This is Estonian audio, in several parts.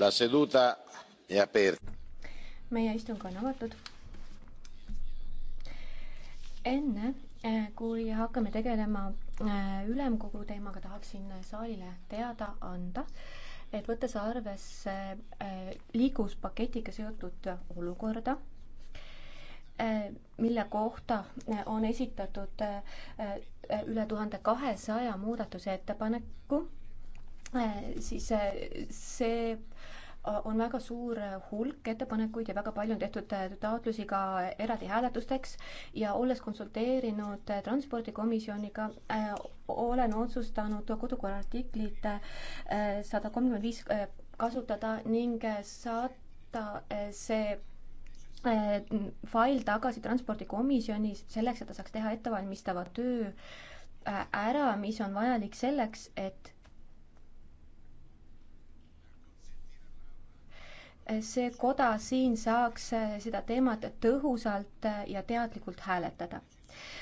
La seduta è aperta. meie istung on avatud. enne eh, kui hakkame tegelema eh, ülemkogu teemaga, tahaksin saalile teada anda, et võttes arvesse eh, liikluspaketiga seotud olukorda, mille kohta on esitatud üle tuhande kahesaja muudatusettepaneku Äh, siis äh, see äh, on väga suur hulk ettepanekuid ja väga palju on tehtud taotlusi ka eraldi hääletusteks ja olles konsulteerinud transpordikomisjoniga, olen otsustanud kodukorra artiklit sada kolmkümmend viis kasutada ning saata see fail tagasi transpordikomisjoni selleks, et ta saaks teha ettevalmistava töö ära, mis on vajalik selleks, et see koda siin saaks äh, seda teemat tõhusalt äh, ja teadlikult hääletada.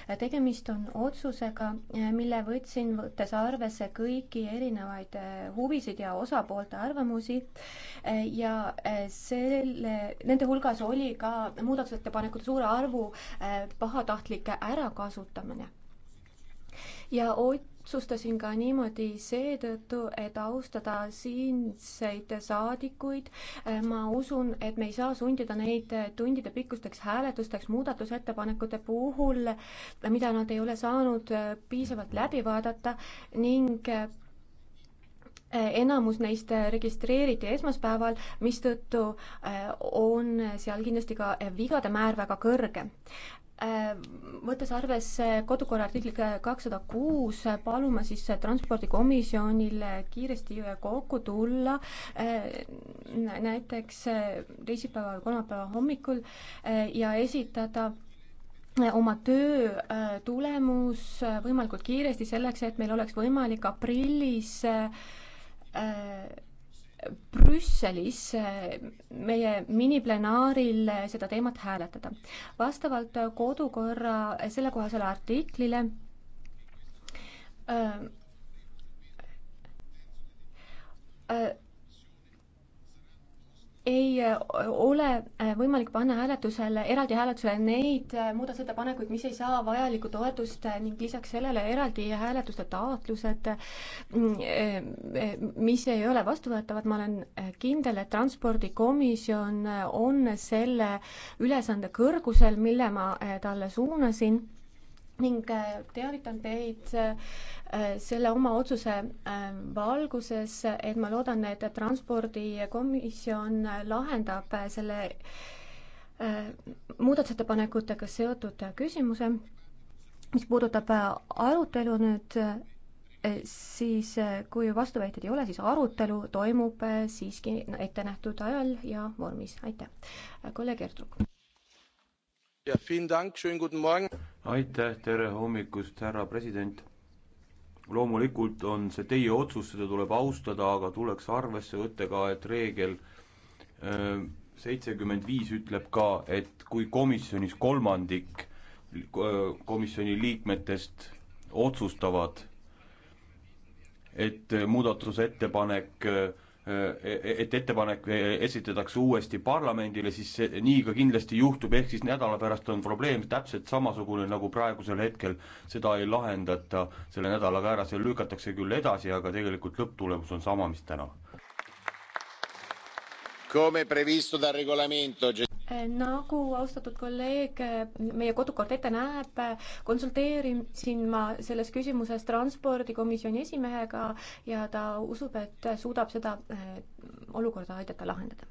Äh, tegemist on otsusega, mille võtsin, võttes arvesse kõiki erinevaid huvisid ja osapoolte arvamusi ja selle, nende hulgas oli ka muudatusettepanekute suure arvu pahatahtlike ärakasutamine ja Ott otsustasin ka niimoodi seetõttu, et austada siinseid saadikuid. Äh, ma usun, et me ei saa sundida neid tundide pikkusteks hääletusteks muudatusettepanekute puhul, mida nad ei ole saanud äh, piisavalt läbi vaadata ning äh, enamus neist registreeriti esmaspäeval, mistõttu on seal kindlasti ka vigade määr väga kõrge. Äh, võttes arvesse kodukorra artiklit kakssada kuus, palume siis transpordikomisjonil kiiresti kokku tulla äh, näiteks äh, teisipäeval, kolmapäeva hommikul ja esitada oma töö tulemus võimalikult kiiresti, selleks et meil oleks võimalik aprillis Brüsselis eh, meie miniplenaaril eh, seda teemat hääletada. vastavalt eh, kodukorra sellekohasele artiklile äh, äh, ei äh, ole äh, võimalik panna hääletusele, eraldi hääletusele neid äh, muudatusettepanekuid, mis ei saa vajalikku toetust ning lisaks sellele eraldi hääletuste taotlused, mm, mis ei ole vastuvõetavad, ma olen kindel, et transpordikomisjon on selle ülesande kõrgusel, mille ma talle suunasin ning äh, teavitan teid äh, selle oma otsuse ähm, valguses, et ma loodan, et transpordikomisjon lahendab äh, selle muudatusettepanekutega seotud küsimuse. mis puudutab arutelu nüüd, siis kui vastuväiteid ei ole, siis arutelu toimub siiski ettenähtud ajal ja vormis, aitäh. kolleeg Ertrug aitäh, tere hommikust, härra president. loomulikult on see teie otsus, seda tuleb austada, aga tuleks arvesse võtta ka, et reegel äh, seitsekümmend viis ütleb ka, et kui komisjonis kolmandik äh, komisjoni liikmetest otsustavad, et äh, muudatusettepanek äh, Äh, e-, et ettepanek äh, esitatakse uuesti parlamendile, siis see nii ka kindlasti juhtub, ehk siis nädala pärast on probleem täpselt samasugune nagu praegusel hetkel, seda ei lahendata selle nädalaga ära, see lükatakse küll edasi, aga tegelikult lõpptulemus on sama, mis täna. Come previsto dal regolamento nagu austatud kolleeg meie kodukord ette näeb, konsulteerisin ma selles küsimuses transpordikomisjoni esimehega ja ta usub, et suudab seda eh, olukorda aidata lahendada.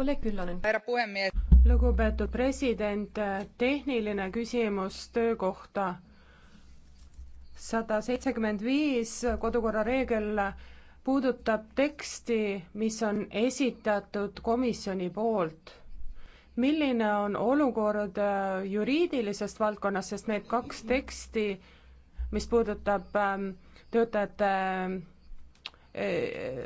kolleeg Küllonen. härra puhemees. lugupeetud president, tehniline küsimus töökohta. sada seitsekümmend viis kodukorra reegel puudutab teksti, mis on esitatud komisjoni poolt. milline on olukord äh, juriidilisest valdkonnast, sest need kaks teksti, mis puudutab ähm, töötajate äh,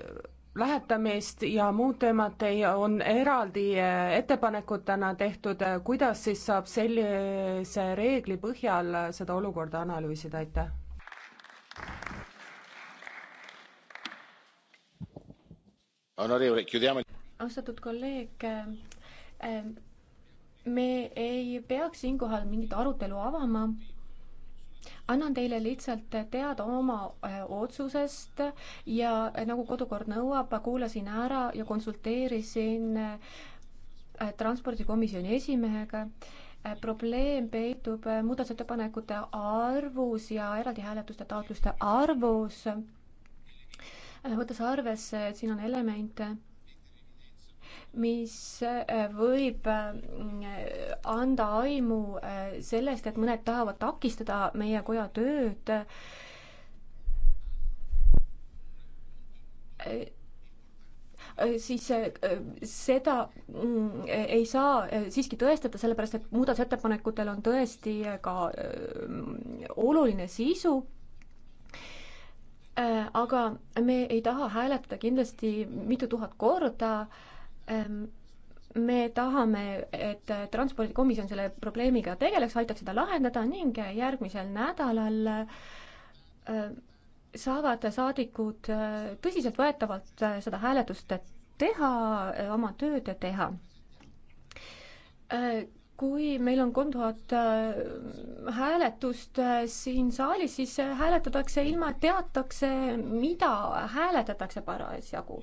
lähetamist ja muud teemat ei, on eraldi äh, ettepanekutena tehtud, kuidas siis saab sellise reegli põhjal seda olukorda analüüsida, aitäh? austatud kolleeg, ähm, me ei peaks siinkohal mingit arutelu avama. annan teile lihtsalt teada oma äh, otsusest ja nagu kodukord nõuab, kuulasin ära ja konsulteerisin äh, transpordikomisjoni esimehega äh, probleem peitub muudatusettepanekute arvus ja eraldi hääletuste taotluste arvus võttes arvesse, et siin on elemente, mis äh, võib äh, anda aimu äh, sellest, et mõned tahavad takistada meie koja tööd. siis seda mm, ei saa siiski tõestada, sellepärast et muudatusettepanekutel on tõesti ka oluline sisu Äh, aga me ei taha hääletada kindlasti mitu tuhat korda. Ähm, me tahame, et transpordikomisjon selle probleemiga tegeleks, aitaks seda lahendada ning järgmisel nädalal äh, saavad saadikud äh, tõsiseltvõetavalt seda hääletust teha, oma tööd teha kui meil on kolm tuhat äh, hääletust äh, siin saalis, siis äh, hääletatakse ilma, et teatakse, mida hääletatakse parasjagu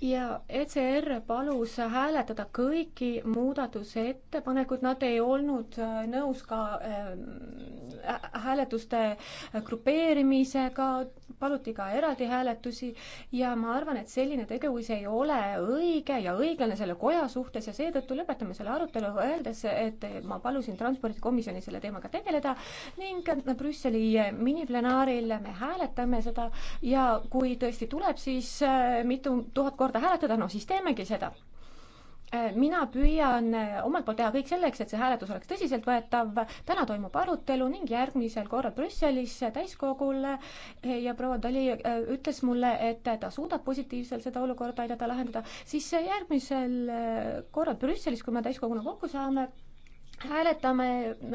ja ECR palus hääletada kõiki muudatusettepanekuid, nad ei olnud äh, nõus ka ähm, äh, hääletuste grupeerimisega, paluti ka eraldi hääletusi ja ma arvan, et selline tegevus ei ole õige ja õiglane selle koja suhtes ja seetõttu lõpetame selle arutelu, öeldes, et ma palusin transpordikomisjoni selle teemaga tegeleda ning äh, Brüsseli äh, miniplenaaril me hääletame seda ja kui tõesti tuleb, siis mitu tuhat korda hääletada, no siis teemegi seda äh, mina püüan äh, omalt poolt teha kõik selleks, et see hääletus oleks tõsiseltvõetav. täna toimub arutelu ning järgmisel korral Brüsselis äh, täiskogul ja proua Dali ütles mulle, et ta suudab positiivselt seda olukorda aidata lahendada, siis järgmisel korral Brüsselis, kui me täiskoguna kokku saame, hääletame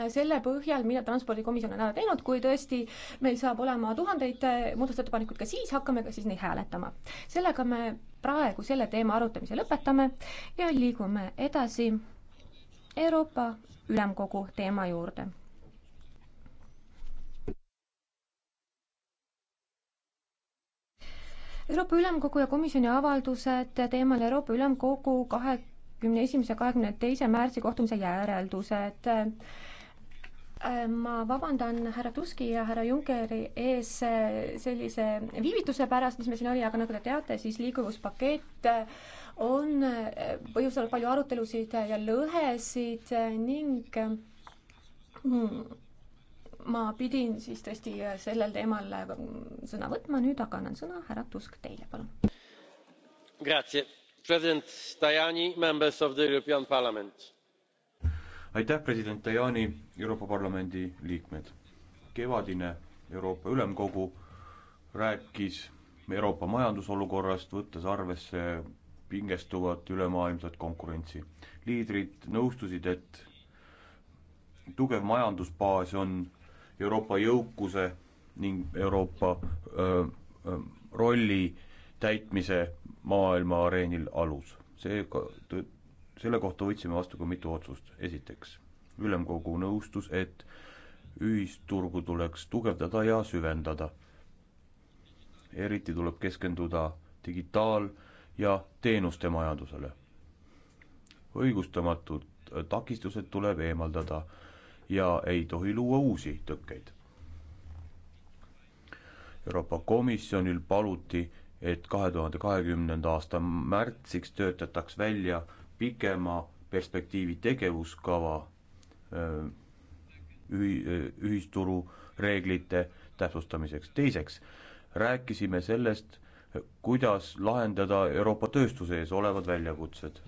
selle põhjal, mida transpordikomisjon on ära teinud, kui tõesti meil saab olema tuhandeid muudatusettepanekuid, ka siis hakkame ka siis neid hääletama. sellega me praegu selle teema arutamise lõpetame ja liigume edasi Euroopa Ülemkogu teema juurde Euroopa Ülemkogu ja komisjoni avaldused teemal Euroopa Ülemkogu kahe kahekümne esimese, kahekümne teise märtsi kohtumise järeldused. ma vabandan härra Tuski ja härra Junckeri ees sellise viivituse pärast, mis meil siin oli, aga nagu te teate, siis liikuvuspakett on põhjustanud palju arutelusid ja lõhesid ning ma pidin siis tõesti sellel teemal sõna võtma, nüüd aga annan sõna härra Tusk teile, palun president tajani members of the european parliament! aitäh president tajani euroopa parlamendi liikmed! kevadine euroopa ülemkogu rääkis euroopa majandusolukorrast võttes arvesse pingestuvat ülemaailmset konkurentsi. liidrid nõustusid et tugev majandusbaas on euroopa jõukuse ning euroopa öö, öö, rolli täitmise maailma areenil alus. seega, selle kohta võtsime vastu ka mitu otsust. esiteks, ülemkogu nõustus, et ühisturgu tuleks tugevdada ja süvendada. eriti tuleb keskenduda digitaal- ja teenuste majandusele. õigustamatud takistused tuleb eemaldada ja ei tohi luua uusi tõkkeid. Euroopa Komisjonil paluti et kahe tuhande kahekümnenda aasta märtsiks töötataks välja pikema perspektiivi tegevuskava ühi-, ühisturu reeglite täpsustamiseks. teiseks, rääkisime sellest, kuidas lahendada Euroopa tööstuse ees olevad väljakutsed.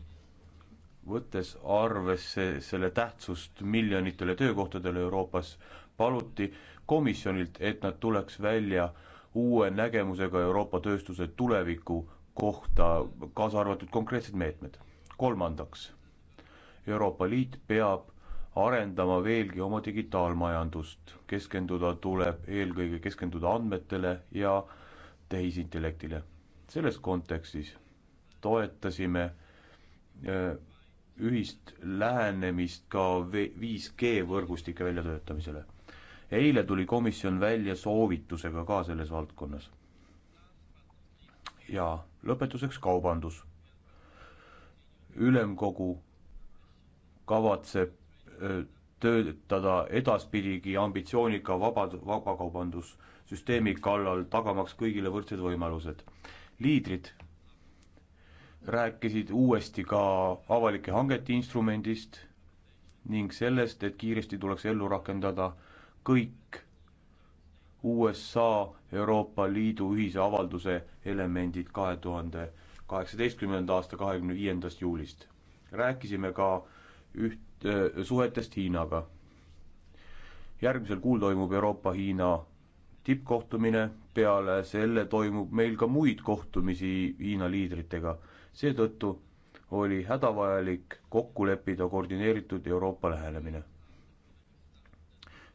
võttes arvesse selle tähtsust miljonitele töökohtadele Euroopas, paluti komisjonilt, et nad tuleks välja äh, uue nägemusega Euroopa tööstuse tuleviku kohta, kaasa arvatud konkreetsed meetmed. kolmandaks, Euroopa Liit peab arendama veelgi oma digitaalmajandust, keskenduda tuleb eelkõige keskenduda andmetele ja tehisintellektile. selles kontekstis toetasime äh, ühist lähenemist ka 5G võrgustike väljatöötamisele eile tuli komisjon välja soovitusega ka selles valdkonnas. ja lõpetuseks kaubandus. ülemkogu kavatseb töötada edaspidigi ambitsioonika vaba, vabakaubandussüsteemi kallal, tagamaks kõigile võrdsed võimalused. liidrid rääkisid uuesti ka avalike hangete instrumendist ning sellest, et kiiresti tuleks ellu rakendada kõik USA Euroopa Liidu ühise avalduse elemendid kahe tuhande kaheksateistkümnenda aasta kahekümne viiendast juulist. rääkisime ka üht äh,, suhetest Hiinaga. järgmisel kuul toimub Euroopa-Hiina tippkohtumine, peale selle toimub meil ka muid kohtumisi Hiina liidritega. seetõttu oli hädavajalik kokku leppida koordineeritud Euroopa lähenemine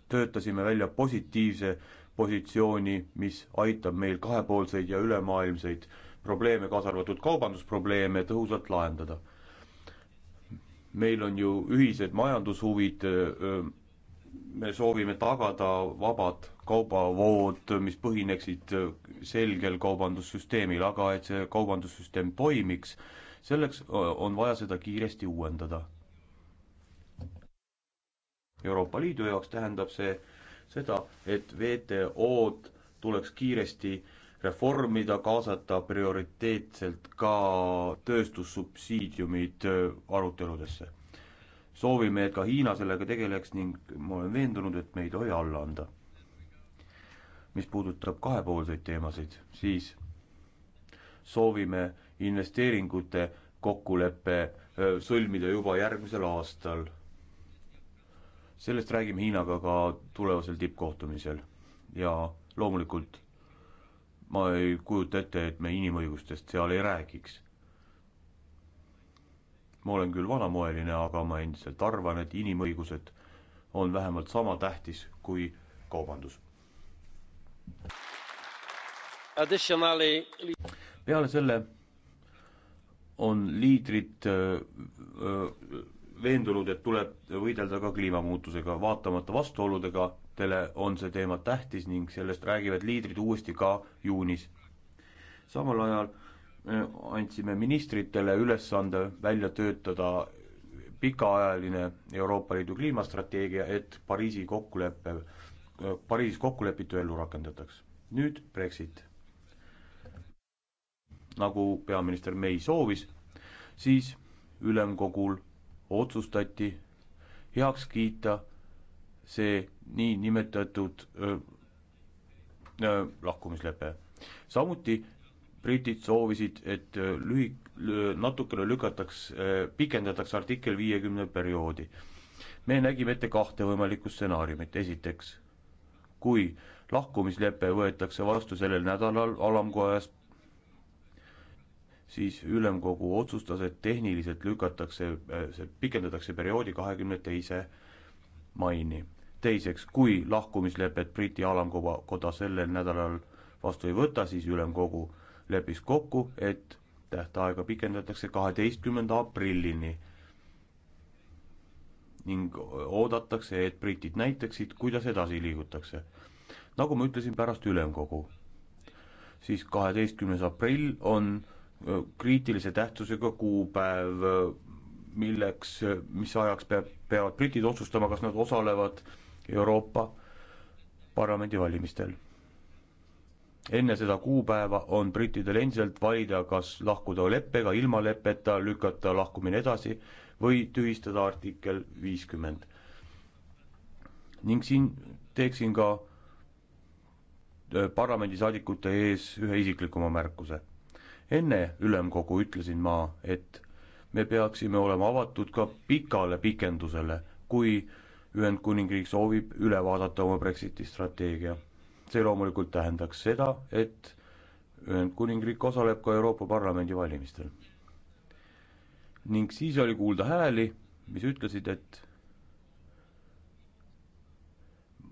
töötasime välja positiivse positsiooni, mis aitab meil kahepoolseid ja ülemaailmseid probleeme, kaasa arvatud kaubandusprobleeme, tõhusalt lahendada. meil on ju ühised majandushuvid, me soovime tagada vabad kaubavood, mis põhineksid selgel kaubandussüsteemil, aga et see kaubandussüsteem toimiks, selleks on vaja seda kiiresti uuendada Euroopa Liidu jaoks tähendab see seda, et WTO-d tuleks kiiresti reformida, kaasata prioriteetselt ka tööstussubsiidiumid äh, aruteludesse. soovime, et ka Hiina sellega tegeleks ning ma olen veendunud, et me ei tohi alla anda. mis puudutab kahepoolseid teemasid, siis soovime investeeringute kokkuleppe äh, sõlmida juba järgmisel aastal sellest räägime Hiinaga ka tulevasel tippkohtumisel ja loomulikult ma ei kujuta ette, et me inimõigustest seal ei räägiks. ma olen küll vanamoeline, aga ma endiselt arvan, et inimõigused on vähemalt sama tähtis kui kaubandus. peale selle on liidrid öö, äh, öö, äh, veendunud, et tuleb võidelda ka kliimamuutusega, vaatamata vastuoludega, teile on see teema tähtis ning sellest räägivad liidrid uuesti ka juunis. samal ajal eh, andsime ministritele ülesande välja töötada pikaajaline Euroopa Liidu kliimastrateegia, et Pariisi kokkulepe, eh, Pariisis kokkulepitu ellu rakendataks. nüüd Brexit. nagu peaminister May soovis, siis ülemkogul otsustati heaks kiita see niinimetatud lahkumislepe. samuti britid soovisid, et lühi-, natukene lükataks, pikendataks artikkel viiekümne perioodi. me nägime ette kahte võimalikku stsenaariumit, esiteks, kui lahkumislepe võetakse vastu sellel nädalal alamkojas siis ülemkogu otsustas, et tehniliselt lükatakse, äh, see pikendatakse perioodi kahekümne teise maini. teiseks, kui lahkumislepet Briti alamkoda sellel nädalal vastu ei võta, siis ülemkogu leppis kokku, et tähtaega pikendatakse kaheteistkümnenda aprillini ning oodatakse, et britid näitaksid, kuidas edasi liigutakse. nagu ma ütlesin, pärast ülemkogu, siis kaheteistkümnes aprill on kriitilise tähtsusega kuupäev, milleks, mis ajaks peab, peavad britid otsustama, kas nad osalevad Euroopa Parlamendi valimistel. enne seda kuupäeva on brittidel endiselt valida, kas lahkuda leppega, ilma leppeta, lükata lahkumine edasi või tühistada artikkel viiskümmend. ning siin teeksin ka äh, parlamendisaadikute ees ühe isiklikuma märkuse enne ülemkogu ütlesin ma, et me peaksime olema avatud ka pikale pikendusele, kui Ühendkuningriik soovib üle vaadata oma Brexiti strateegia. see loomulikult tähendaks seda, et Ühendkuningriik osaleb ka Euroopa Parlamendi valimistel. ning siis oli kuulda hääli, mis ütlesid, et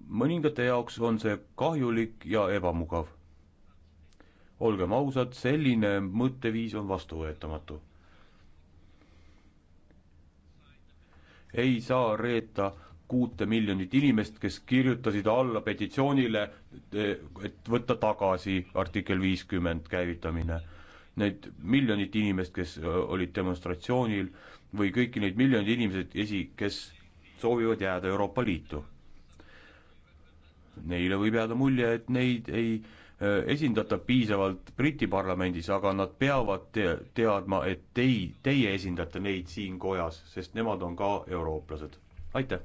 mõningate jaoks on see kahjulik ja ebamugav olgem ausad, selline mõtteviis on vastuvõetamatu. ei saa reeta kuute miljonit inimest, kes kirjutasid alla petitsioonile, et võtta tagasi artikkel viiskümmend käivitamine. Need miljonit inimest, kes olid demonstratsioonil või kõiki neid miljoneid inimesed esi, kes soovivad jääda Euroopa Liitu. Neile võib jääda mulje, et neid ei äh, Äh, esindata piisavalt Briti parlamendis, aga nad peavad te teadma, et tei-, teie esindate neid siin kojas, sest nemad on ka eurooplased. aitäh!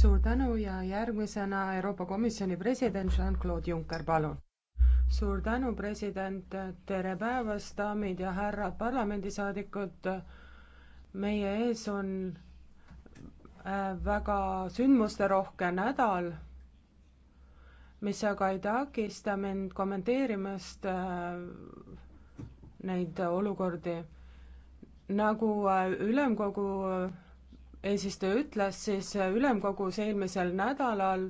suur tänu ja järgmisena Euroopa Komisjoni president Jean-Claude Juncker, palun! suur tänu, president, tere päevast, daamid ja härrad parlamendisaadikud, meie ees on väga sündmusterohke nädal, mis aga ei takista mind kommenteerimast äh, neid olukordi. nagu äh, ülemkogu eesistuja ütles, siis ülemkogus eelmisel nädalal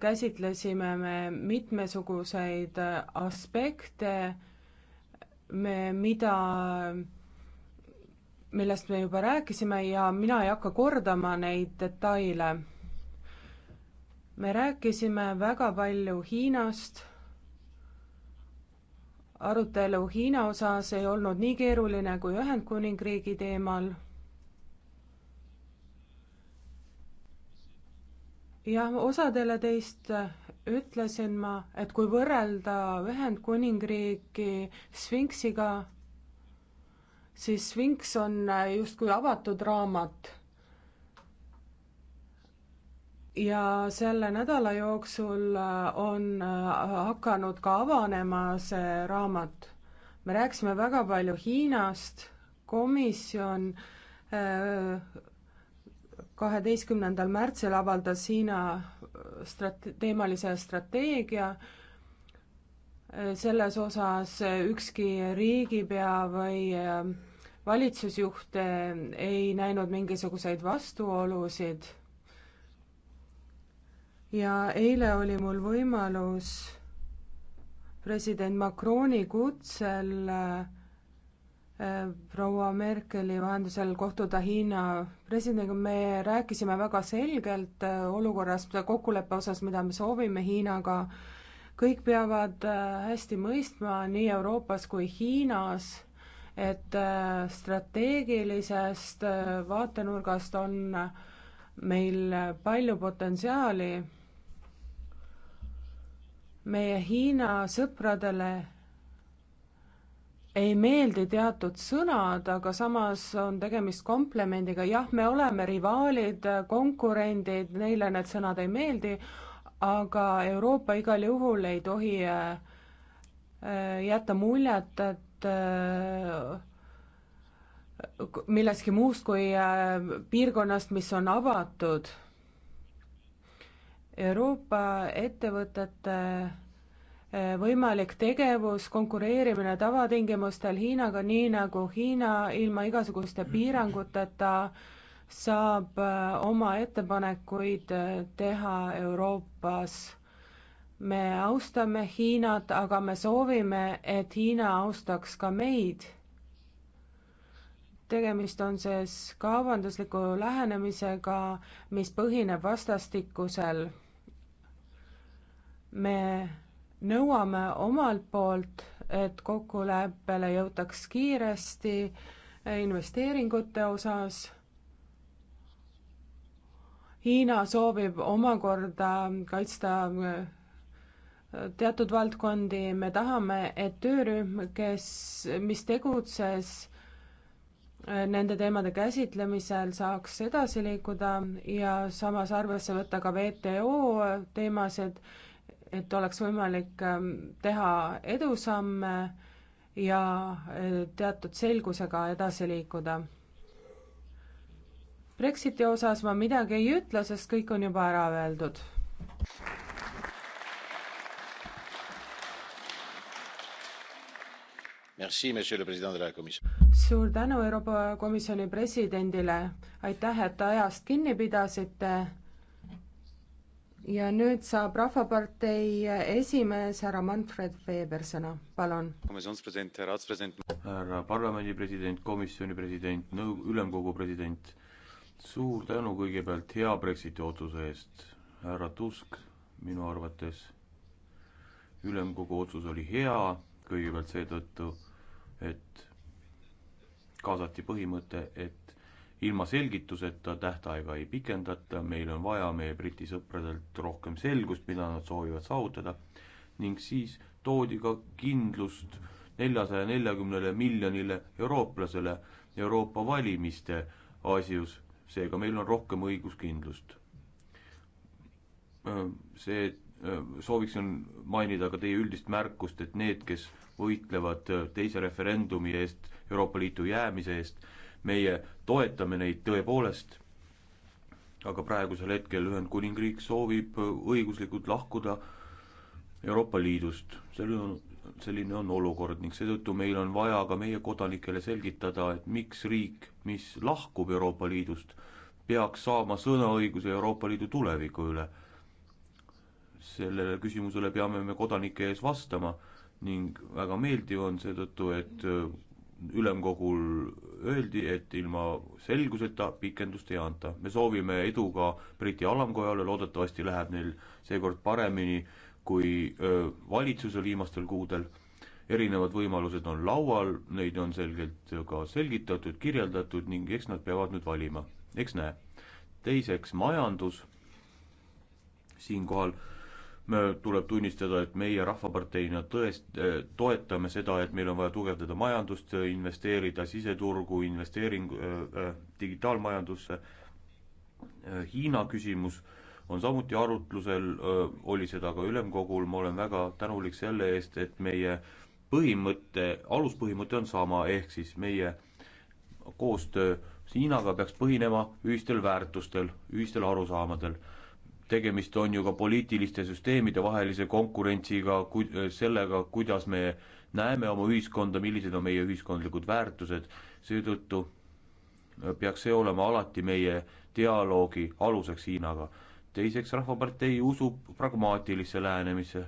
käsitlesime me mitmesuguseid aspekte, me, mida millest me juba rääkisime ja mina ei hakka kordama neid detaile. me rääkisime väga palju Hiinast, arutelu Hiina osas ei olnud nii keeruline kui Ühendkuningriigi teemal jah, osadele teist ütlesin ma, et kui võrrelda Ühendkuningriiki Sfinksiga, siis Sphinx on äh, justkui avatud raamat. ja selle nädala jooksul äh, on äh, hakanud ka avanema see raamat. me rääkisime väga palju Hiinast, komisjon kaheteistkümnendal märtsil avaldas Hiina strate-, teemalise strateegia selles osas ükski riigipea või äh, valitsusjuht äh, ei näinud mingisuguseid vastuolusid. ja eile oli mul võimalus president Macroni kutsel äh, proua Merkeli vahendusel kohtuda Hiina presidendiga, me rääkisime väga selgelt olukorrast, kokkuleppe osas, mida me soovime Hiinaga kõik peavad äh, hästi mõistma nii Euroopas kui Hiinas, et äh, strateegilisest äh, vaatenurgast on meil palju potentsiaali meie Hiina sõpradele ei meeldi teatud sõnad, aga samas on tegemist komplimendiga, jah, me oleme rivaalid, konkurendid, neile need sõnad ei meeldi, aga Euroopa igal juhul ei tohi äh, äh, jätta muljet, et äh, millestki muust kui piirkonnast, mis on avatud. Euroopa ettevõtete võimalik tegevus, konkureerimine tavatingimustel Hiinaga, nii nagu Hiina ilma igasuguste piiranguteta äh, saab äh, oma ettepanekuid äh, teha Euroopas. me austame Hiinat, aga me soovime, et Hiina austaks ka meid tegemist on siis kaubandusliku lähenemisega, mis põhineb vastastikusel. me nõuame omalt poolt, et kokkuleppele jõutaks kiiresti investeeringute osas Hiina soovib omakorda kaitsta äh, teatud valdkondi, me tahame, et töörühm, kes, mis tegutses äh, nende teemade käsitlemisel, saaks edasi liikuda ja samas arvesse võtta ka WTO teemasid, et oleks võimalik äh, teha edusamme ja teatud selgusega edasi liikuda Brexiti osas ma midagi ei ütle, sest kõik on juba ära öeldud. suur tänu Euroopa Komisjoni presidendile, aitäh, et ajast kinni pidasite. ja nüüd saab Rahvapartei esimees härra Manfred Weber sõna, palun. härra parlamendi president, komisjoni president, nõu-, ülemkogu president suur tänu kõigepealt hea Brexiti otsuse eest, härra Tusk, minu arvates ülemkogu otsus oli hea, kõigepealt seetõttu, et kaasati põhimõte, et ilma selgituseta tähtaega ei pikendata, meil on vaja meie Briti sõpradelt rohkem selgust, mida nad soovivad saavutada, ning siis toodi ka kindlust neljasaja neljakümnele miljonile eurooplasele Euroopa valimiste asjus seega meil on rohkem õiguskindlust. see, sooviksin mainida ka teie üldist märkust, et need, kes võitlevad teise referendumi eest, Euroopa Liitu jäämise eest, meie toetame neid tõepoolest, aga praegusel hetkel Ühendkuningriik soovib õiguslikult lahkuda Euroopa Liidust, sellel on selline on olukord ning seetõttu meil on vaja ka meie kodanikele selgitada, et miks riik, mis lahkub Euroopa Liidust, peaks saama sõnaõiguse Euroopa Liidu tuleviku üle. sellele küsimusele peame me kodanike ees vastama ning väga meeldiv on seetõttu, et äh, ülemkogul öeldi, et ilma selguseta pikendust ei anta. me soovime edu ka Briti alamkojale, loodetavasti läheb neil seekord paremini äh, kui valitsusel viimastel kuudel. erinevad võimalused on laual, neid on selgelt ka selgitatud, kirjeldatud ning eks nad peavad nüüd valima, eks näe. teiseks majandus, siinkohal tuleb tunnistada, et meie Rahvaparteina tõest-, toetame seda, et meil on vaja tugevdada majandust, investeerida siseturgu, investeering äh, digitaalmajandusse äh,, Hiina küsimus äh,, on samuti arutlusel, oli seda ka ülemkogul, ma olen väga tänulik selle eest, et meie põhimõte, aluspõhimõte on sama, ehk siis meie koostöö Hiinaga peaks põhinema ühistel väärtustel, ühistel arusaamadel. tegemist on ju ka poliitiliste süsteemide vahelise konkurentsiga, ku-, sellega, kuidas me näeme oma ühiskonda, millised on meie ühiskondlikud väärtused, seetõttu peaks see olema alati meie dialoogi aluseks Hiinaga teiseks, Rahvapartei usub pragmaatilisse lähenemisse.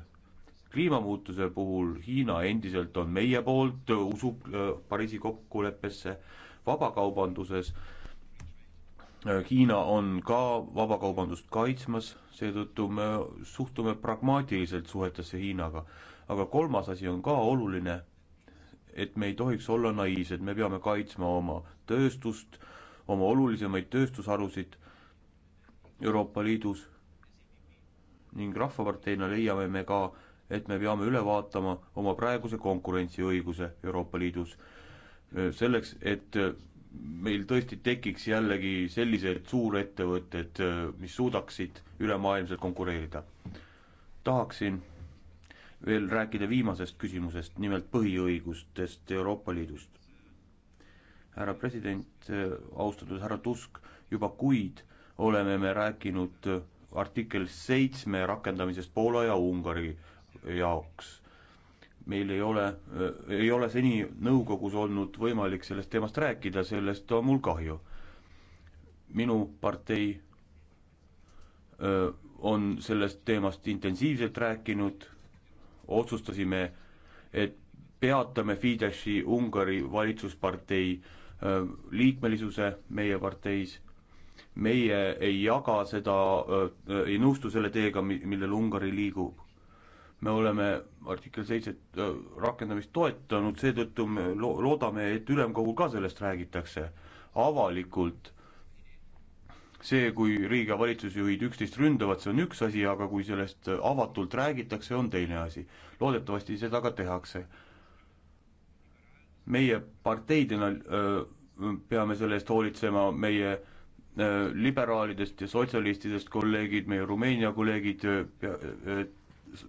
kliimamuutuse puhul Hiina endiselt on meie poolt, usub äh, Pariisi kokkuleppesse, vabakaubanduses äh, Hiina on ka vabakaubandust kaitsmas, seetõttu me suhtume pragmaatiliselt suhetesse Hiinaga. aga kolmas asi on ka oluline, et me ei tohiks olla naiivsed, me peame kaitsma oma tööstust, oma olulisemaid tööstusharusid Euroopa Liidus ning Rahvaparteina leiame me ka, et me peame üle vaatama oma praeguse konkurentsiõiguse Euroopa Liidus. selleks, et meil tõesti tekiks jällegi sellised suurettevõtted, mis suudaksid ülemaailmselt konkureerida. tahaksin veel rääkida viimasest küsimusest, nimelt põhiõigustest Euroopa Liidust. härra president, austatud härra Tusk, juba kuid oleme me rääkinud artikkel seitsme rakendamisest Poola ja Ungari jaoks. meil ei ole, ei ole seni nõukogus olnud võimalik sellest teemast rääkida, sellest on mul kahju. minu partei öö, on sellest teemast intensiivselt rääkinud, otsustasime, et peatame Fideszi Ungari valitsuspartei öö, liikmelisuse meie parteis meie ei jaga seda, ei nõustu selle teega, millel Ungari liigub. me oleme artikkel seitse rakendamist toetanud, seetõttu me lo-, loodame, et ülemkogul ka sellest räägitakse avalikult. see, kui riigi- ja valitsusjuhid üksteist ründavad, see on üks asi, aga kui sellest avatult räägitakse, on teine asi. loodetavasti seda ka tehakse. meie parteidena öö, peame selle eest hoolitsema, meie öö, Äh, liberaalidest ja sotsialistidest kolleegid, meie Rumeenia kolleegid äh, äh,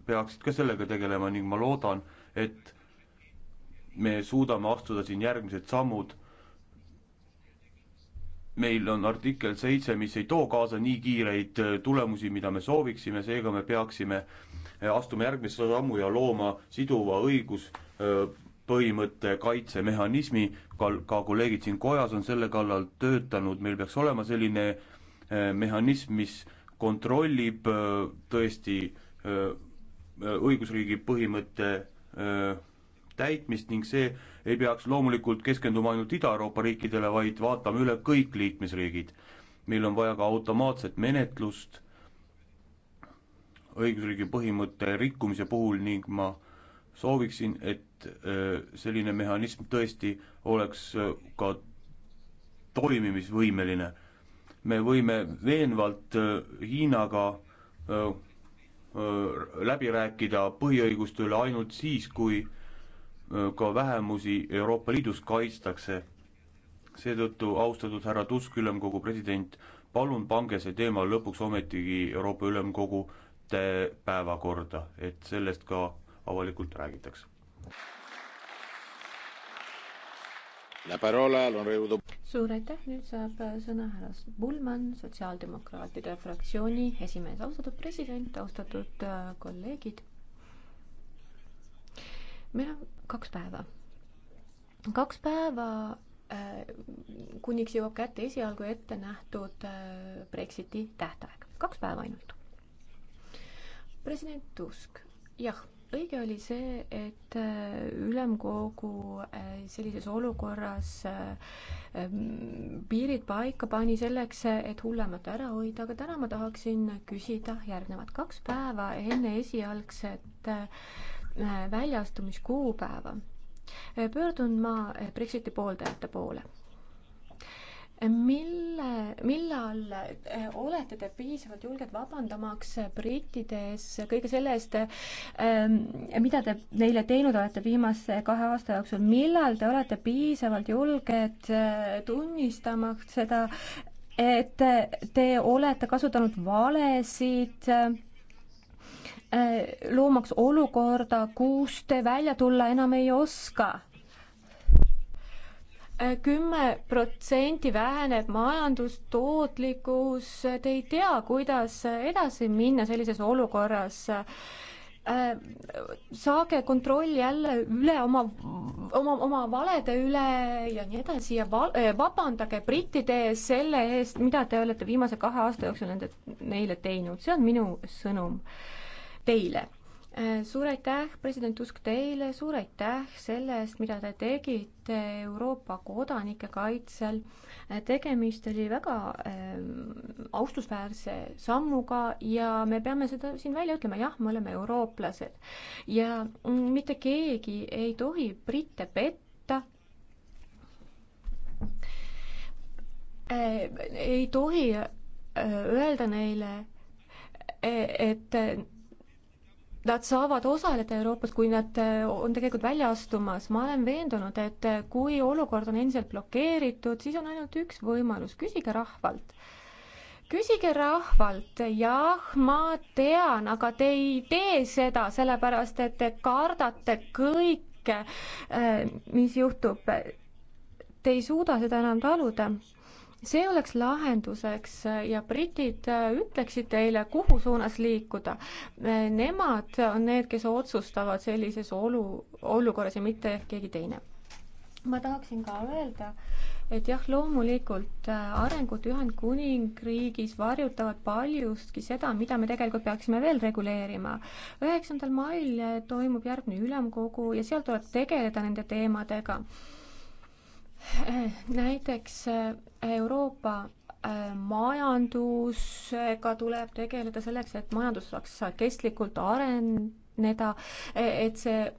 peaksid ka sellega tegelema ning ma loodan, et me suudame astuda siin järgmised sammud. meil on artikkel seitse, mis ei too kaasa nii kiireid tulemusi, mida me sooviksime, seega me peaksime astuma järgmise sammu ja looma siduva õigus põhimõtte kaitsemehhanismi, ka, ka kolleegid siin kojas on selle kallal töötanud, meil peaks olema selline äh, mehhanism, mis kontrollib äh, tõesti äh, õigusriigi põhimõtte täitmist ning see ei peaks loomulikult keskenduma ainult Ida-Euroopa riikidele, vaid vaatame üle kõik liikmesriigid. meil on vaja ka automaatset menetlust õigusriigi põhimõtte rikkumise puhul ning ma äh, sooviksin, et äh, selline mehhanism tõesti oleks äh, ka toimimisvõimeline. me võime veenvalt äh, Hiinaga läbi rääkida põhiõiguste üle ainult siis, kui ka vähemusi Euroopa Liidus kaitstakse. seetõttu, austatud härra Tusk, ülemkogu president, palun pange see teema lõpuks ometigi Euroopa Ülemkogu päevakorda, et sellest ka avalikult räägitaks. suur aitäh, nüüd saab sõna härra Bullmann, Sotsiaaldemokraatide fraktsiooni esimees, austatud president, austatud äh, kolleegid. meil on kaks päeva, kaks päeva äh, kuniks jõuab kätte esialgu ette nähtud äh, Brexiti tähtaeg, kaks päeva ainult. president Tusk, jah õige oli see, et äh, ülemkogu äh, sellises olukorras äh, piirid paika pani selleks, et hullemat ära hoida, aga täna ma tahaksin küsida järgnevat kaks päeva enne esialgset väljaastumiskuupäeva. pöördun ma Brexiti pooldajate poole mille, millal eh, olete te piisavalt julged vabandamaks brittide ees kõige selle eest, ehm, mida te neile teinud olete viimase kahe aasta jooksul, millal te olete piisavalt julged eh, tunnistamaks seda, et te olete kasutanud valesid eh, loomaks olukorda, kus te välja tulla enam ei oska kümme protsenti väheneb majandustootlikkus, te ei tea, kuidas edasi minna sellises olukorras. Äh, saage kontroll jälle üle oma, oma, oma valede üle ja nii edasi ja val-, äh, vabandage brittide ees selle eest, mida te olete viimase kahe aasta jooksul nende, neile teinud, see on minu sõnum teile suur aitäh, president Tusk, teile, suur aitäh selle eest, mida te tegite Euroopa kodanike kaitsel. tegemist oli väga äh, austusväärse sammuga ja me peame seda siin välja ütlema, jah, me oleme eurooplased ja mm, mitte keegi ei tohi britte petta äh,. ei tohi äh, öelda neile, äh, et nad saavad osaleda Euroopas, kui nad äh, on tegelikult välja astumas, ma olen veendunud, et äh, kui olukord on endiselt blokeeritud, siis on ainult üks võimalus, küsige rahvalt. küsige rahvalt, jah, ma tean, aga te ei tee seda, sellepärast et te kardate kõike, äh, mis juhtub. Te ei suuda seda enam taluda see oleks lahenduseks ja britid äh, ütleksid teile, kuhu suunas liikuda. Nemad on need, kes otsustavad sellises olu, olukorras ja mitte keegi teine. ma tahaksin ka öelda, et jah, loomulikult äh, arengud Ühendkuningriigis varjutavad paljustki seda, mida me tegelikult peaksime veel reguleerima. üheksandal mail toimub järgmine ülemkogu ja seal tuleb tegeleda nende teemadega näiteks äh, Euroopa äh, majandusega tuleb tegeleda selleks, et majandus saaks kestlikult areneda, e, et see äh,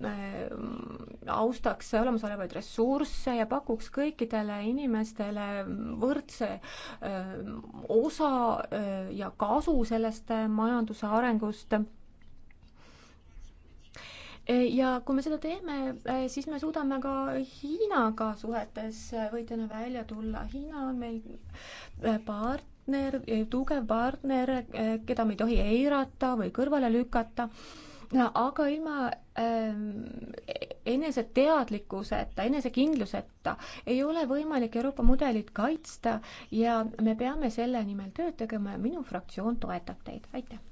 austaks olemasolevaid ressursse ja pakuks kõikidele inimestele võrdse osa ja kasu sellest majanduse arengust ja kui me seda teeme, eh, siis me suudame ka Hiinaga suhetes eh, võitjana välja tulla. Hiina on meil eh, partner, tugev partner, keda me ei tohi eirata või kõrvale lükata no,, aga ilma ehm, eneseteadlikkuseta, enesekindluseta ei ole võimalik Euroopa mudelit kaitsta ja me peame selle nimel tööd tegema ja minu fraktsioon toetab teid, aitäh!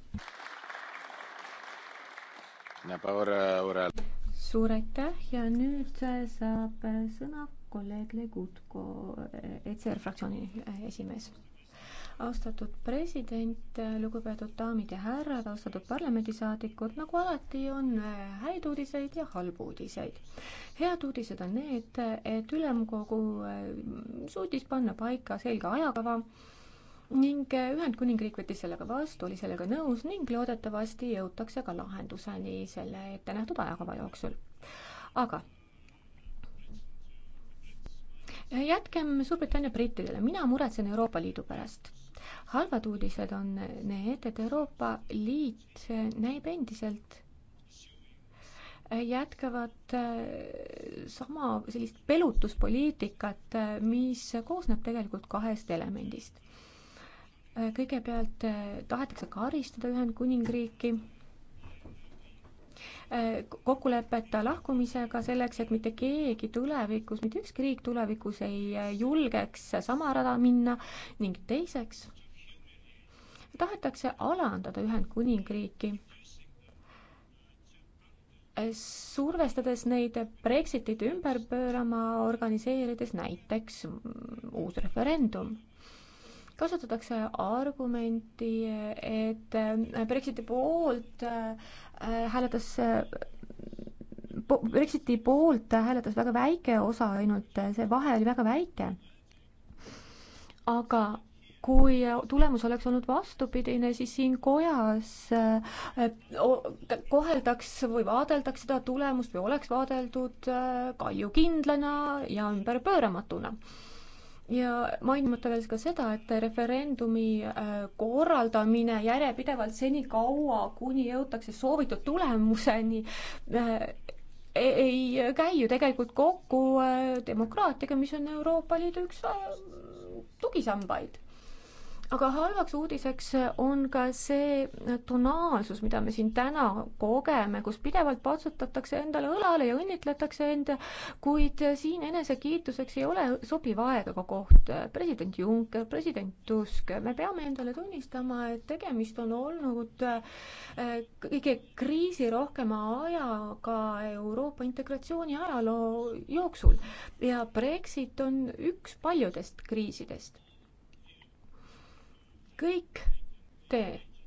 suur aitäh ja nüüd äh, saab äh, sõna kolleeg Legutko, äh, ECR fraktsiooni esimees. austatud president, lugupeetud daamid ja härrad, austatud parlamendisaadikud, nagu alati on häid uudiseid ja halbu uudiseid. head uudised on need, et ülemkogu suutis panna paika selge ajakava ning Ühendkuningriik võttis sellega vastu, oli sellega nõus ning loodetavasti jõutakse ka lahenduseni selle ettenähtud ajakava jooksul. aga jätkem Suurbritannia brittidele, mina muretsen Euroopa Liidu pärast. halvad uudised on need, et Euroopa Liit näib endiselt jätkavad äh, sama sellist pelutuspoliitikat, äh, mis koosneb tegelikult kahest elemendist kõigepealt eh, tahetakse karistada Ühendkuningriiki eh, kokkulepet lahkumisega selleks, et mitte keegi tulevikus, mitte ükski riik tulevikus ei eh, julgeks sama rada minna ning teiseks tahetakse alandada Ühendkuningriiki, survestades neid Brexitit ümber pöörama, organiseerides näiteks mm, uus referendum kasutatakse argumenti, et äh, Brexiti poolt äh, hääletas äh, Brexiti poolt hääletas väga väike osa ainult, see vahe oli väga väike. aga kui tulemus oleks olnud vastupidine, siis siin kojas koheldaks või vaadeldaks seda tulemust või oleks vaadeldud kaljukindlana ja ümberpööramatuna ja mainimata veel ka seda, et referendumi äh, korraldamine järjepidevalt senikaua, kuni jõutakse soovitud tulemuseni, äh, e-, ei käi ju tegelikult kokku äh, demokraatiaga, mis on Euroopa Liidu üks tugisambaid aga halvaks uudiseks on ka see tonaalsus, mida me siin täna kogeme, kus pidevalt patsutatakse endale õlale ja õnnitletakse end, kuid siin enesekiituseks ei ole sobiv aeg ega koht. president Juncker, president Tusk, me peame endale tunnistama, et tegemist on olnud eh, kõige kriisirohkema ajaga Euroopa integratsiooni ajaloo jooksul ja Brexit on üks paljudest kriisidest kõik te,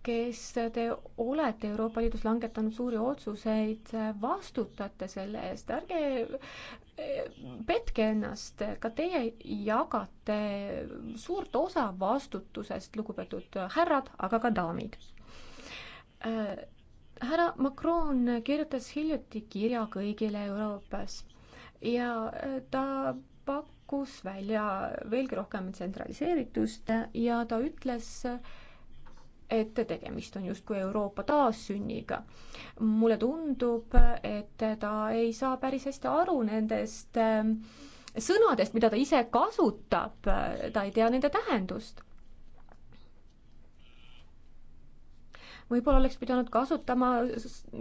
kes te olete Euroopa Liidus langetanud suuri otsuseid, vastutate selle eest, ärge eh, petke ennast, ka teie jagate suurt osa vastutusest, lugupeetud härrad, aga ka daamid. Eh, härra Macron kirjutas hiljuti kirja kõigile Euroopas ja eh, ta pakkus pakkus välja veelgi rohkem tsentraliseeritust ja ta ütles, et tegemist on justkui Euroopa taassünniga. mulle tundub, et ta ei saa päris hästi aru nendest äh, sõnadest, mida ta ise kasutab, ta ei tea nende tähendust. võib-olla oleks pidanud kasutama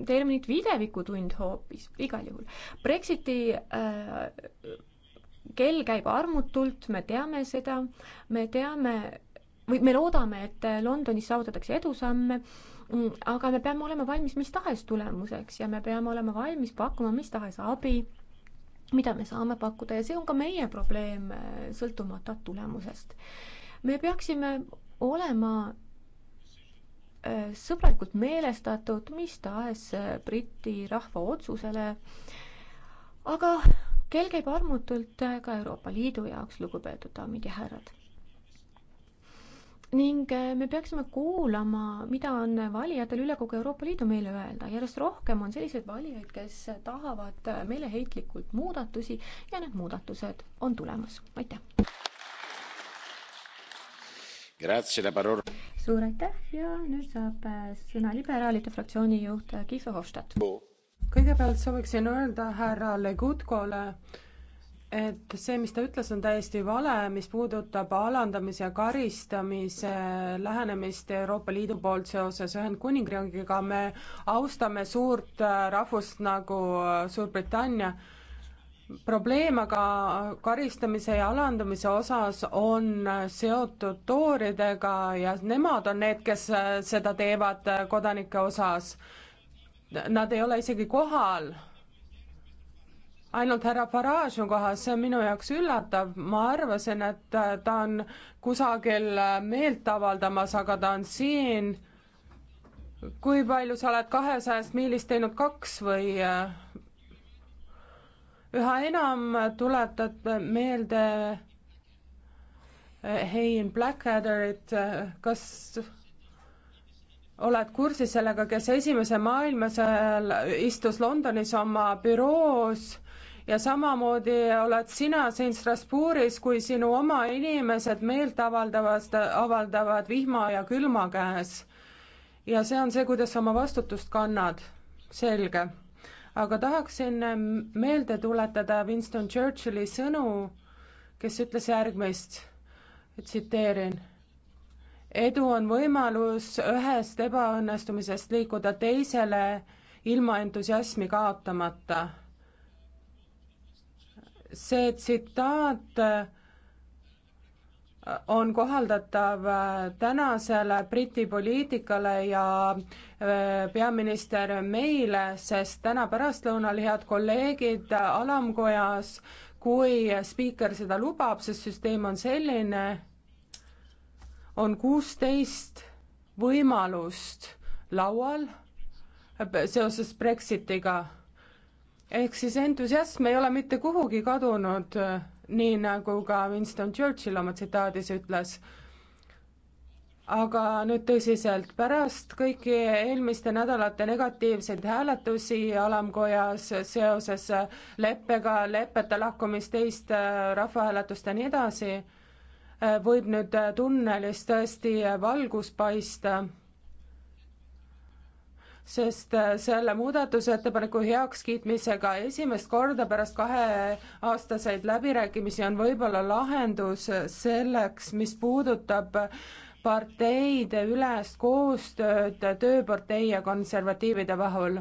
terminit videvikutund hoopis, igal juhul. Brexiti äh, kell käib armutult, me teame seda, me teame või me loodame, et Londonis saavutatakse edusamme, aga me peame olema valmis mis tahes tulemuseks ja me peame olema valmis pakkuma mis tahes abi, mida me saame pakkuda ja see on ka meie probleem, sõltumata tulemusest. me peaksime olema äh, sõbralikult meelestatud mis tahes äh, Briti rahva otsusele, aga kell käib armutult ka Euroopa Liidu jaoks, lugupeetud daamid ja härrad. ning äh, me peaksime kuulama, mida on valijatel üle kogu Euroopa Liidu meile öelda, järjest rohkem on selliseid valijaid, kes tahavad meeleheitlikult muudatusi ja need muudatused on tulemas, aitäh. suur aitäh ja nüüd saab äh, sõna liberaalide fraktsiooni juht Kihver Hofstadt. Oh kõigepealt sooviksin öelda härra Legutkole, et see, mis ta ütles, on täiesti vale, mis puudutab alandamise ja karistamise lähenemist Euroopa Liidu poolt seoses Ühendkuningriigiga. me austame suurt äh, rahvust nagu äh, Suurbritannia probleem aga karistamise ja alandamise osas on äh, seotud tooridega ja nemad on need, kes seda teevad kodanike osas nad ei ole isegi kohal. ainult härra Farage on kohas, see on minu jaoks üllatav, ma arvasin, et äh, ta on kusagil äh, meelt avaldamas, aga ta on siin. kui palju sa oled kahesajast miilist teinud kaks või? Äh, üha enam tuletad meelde Hein Blackadderit, kas oled kursis sellega, kes esimese maailmasõja ajal istus Londonis oma büroos ja samamoodi oled sina siin Strasbourgis, kui sinu oma inimesed meelt avaldavad, avaldavad vihma ja külma käes. ja see on see, kuidas sa oma vastutust kannad. selge. aga tahaksin meelde tuletada Winston Churchilli sõnu, kes ütles järgmist, tsiteerin edu on võimalus ühest ebaõnnestumisest liikuda teisele ilma entusiasmi kaotamata. see tsitaat äh, on kohaldatav äh, tänasele Briti poliitikale ja äh, peaminister meile, sest täna pärastlõunal, head kolleegid alamkojas, kui spiiker seda lubab, sest süsteem on selline, on kuusteist võimalust laual seoses Brexitiga. ehk siis entusiasm ei ole mitte kuhugi kadunud, äh, nii nagu ka Winston Churchill oma tsitaadis ütles. aga nüüd tõsiselt, pärast kõiki eelmiste nädalate negatiivseid hääletusi alamkojas seoses leppega, leppeta lahkumist teiste äh, rahvahääletuste ja nii edasi Äh, võib nüüd äh, tunnelis tõesti äh, valgus paista, sest selle muudatusettepaneku heakskiitmisega esimest korda pärast kaheaastaseid läbirääkimisi on võib-olla lahendus selleks, mis puudutab parteide ülest koostööd Tööpartei ja konservatiivide vahel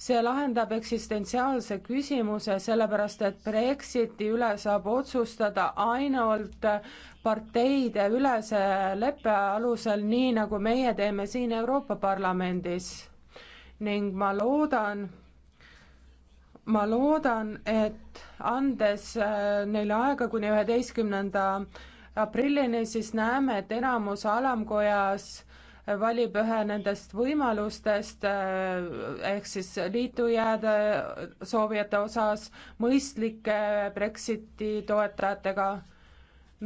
see lahendab eksistentsiaalse küsimuse, sellepärast et Brexiti üle saab otsustada ainult parteide ülese leppe alusel, nii nagu meie teeme siin Euroopa Parlamendis. ning ma loodan, ma loodan, et andes äh, neile aega kuni üheteistkümnenda aprillini, siis näeme, et enamus alamkojas valib ühe nendest võimalustest eh, ehk siis liitu jääda soovijate osas mõistlike Brexiti toetajatega.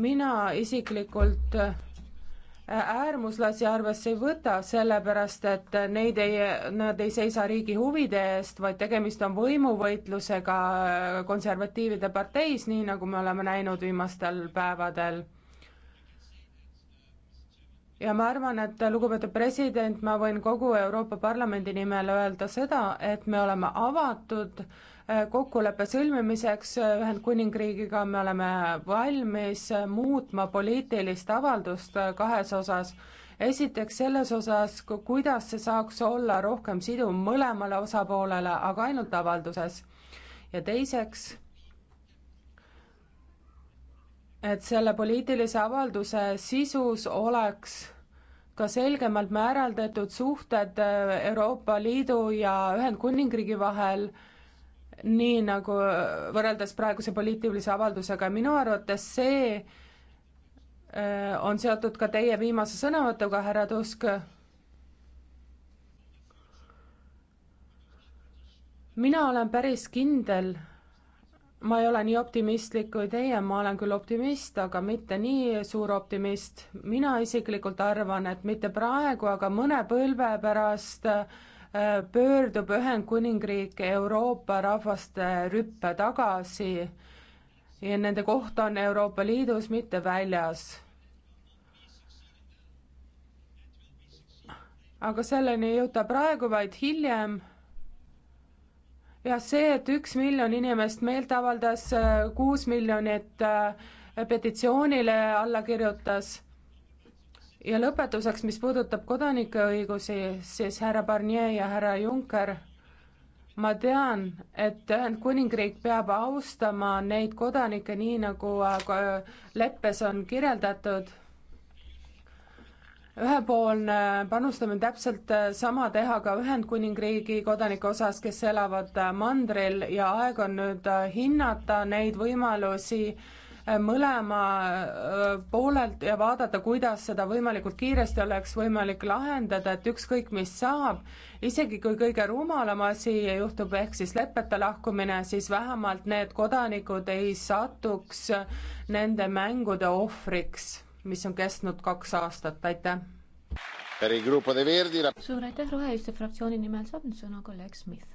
mina isiklikult eh, äärmuslasi arvesse ei võta, sellepärast et neid ei, nad ei seisa riigi huvide eest, vaid tegemist on võimuvõitlusega konservatiivide parteis, nii nagu me oleme näinud viimastel päevadel ja ma arvan, et lugupeetud president, ma võin kogu Euroopa Parlamendi nimel öelda seda, et me oleme avatud eh, kokkuleppe sõlmimiseks eh, Ühendkuningriigiga, me oleme valmis eh, muutma poliitilist avaldust kahes osas. esiteks selles osas, kuidas see saaks olla rohkem siduv mõlemale osapoolele, aga ainult avalduses. ja teiseks et selle poliitilise avalduse sisus oleks ka selgemalt määraldatud suhted äh, Euroopa Liidu ja Ühendkuningriigi vahel, nii nagu äh, võrreldes praeguse poliitilise avaldusega, minu arvates see äh, on seotud ka teie viimase sõnavõtuga, härra Tusk. mina olen päris kindel ma ei ole nii optimistlik kui teie, ma olen küll optimist, aga mitte nii suur optimist. mina isiklikult arvan, et mitte praegu, aga mõne põlve pärast äh, pöördub Ühendkuningriik Euroopa rahvaste rüppe tagasi ja nende koht on Euroopa Liidus, mitte väljas aga selleni ei jõuta praegu, vaid hiljem ja see, et üks miljon inimest meelt avaldas, kuus miljonit äh, petitsioonile alla kirjutas ja lõpetuseks, mis puudutab kodanikeõigusi, siis härra Barnier ja härra Juncker, ma tean, et Ühendkuningriik peab austama neid kodanikke, nii nagu äh, leppes on kirjeldatud ühepoolne panustamine, täpselt äh, sama teha ka Ühendkuningriigi kodanike osas, kes elavad äh, mandril ja aeg on nüüd äh, hinnata neid võimalusi mõlema poolelt ja vaadata, kuidas seda võimalikult kiiresti oleks võimalik lahendada, et ükskõik, mis saab, isegi kui kõige rumalam asi juhtub, ehk siis leppeta lahkumine, siis vähemalt need kodanikud ei satuks nende mängude ohvriks mis on kestnud kaks aastat, aitäh! suur aitäh, Roheliste fraktsiooni nimel saab nüüd sõna kolleeg Smith.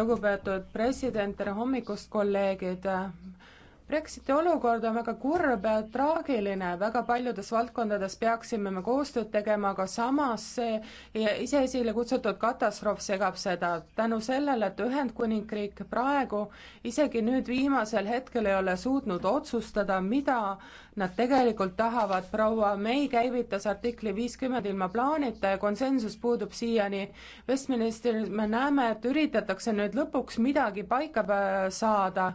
lugupeetud president, tere hommikust, kolleegid! Brexiti olukord on väga kurb ja traagiline, väga paljudes valdkondades peaksime me koostööd tegema, aga samas see ise esile kutsutud katastroof segab seda. tänu sellele, et Ühendkuningriik praegu, isegi nüüd viimasel hetkel ei ole suutnud otsustada, mida nad tegelikult tahavad, proua May käivitas artikli viiskümmend ilma plaanita ja konsensus puudub siiani. Westministeeriumis me näeme, et üritatakse nüüd lõpuks midagi paika saada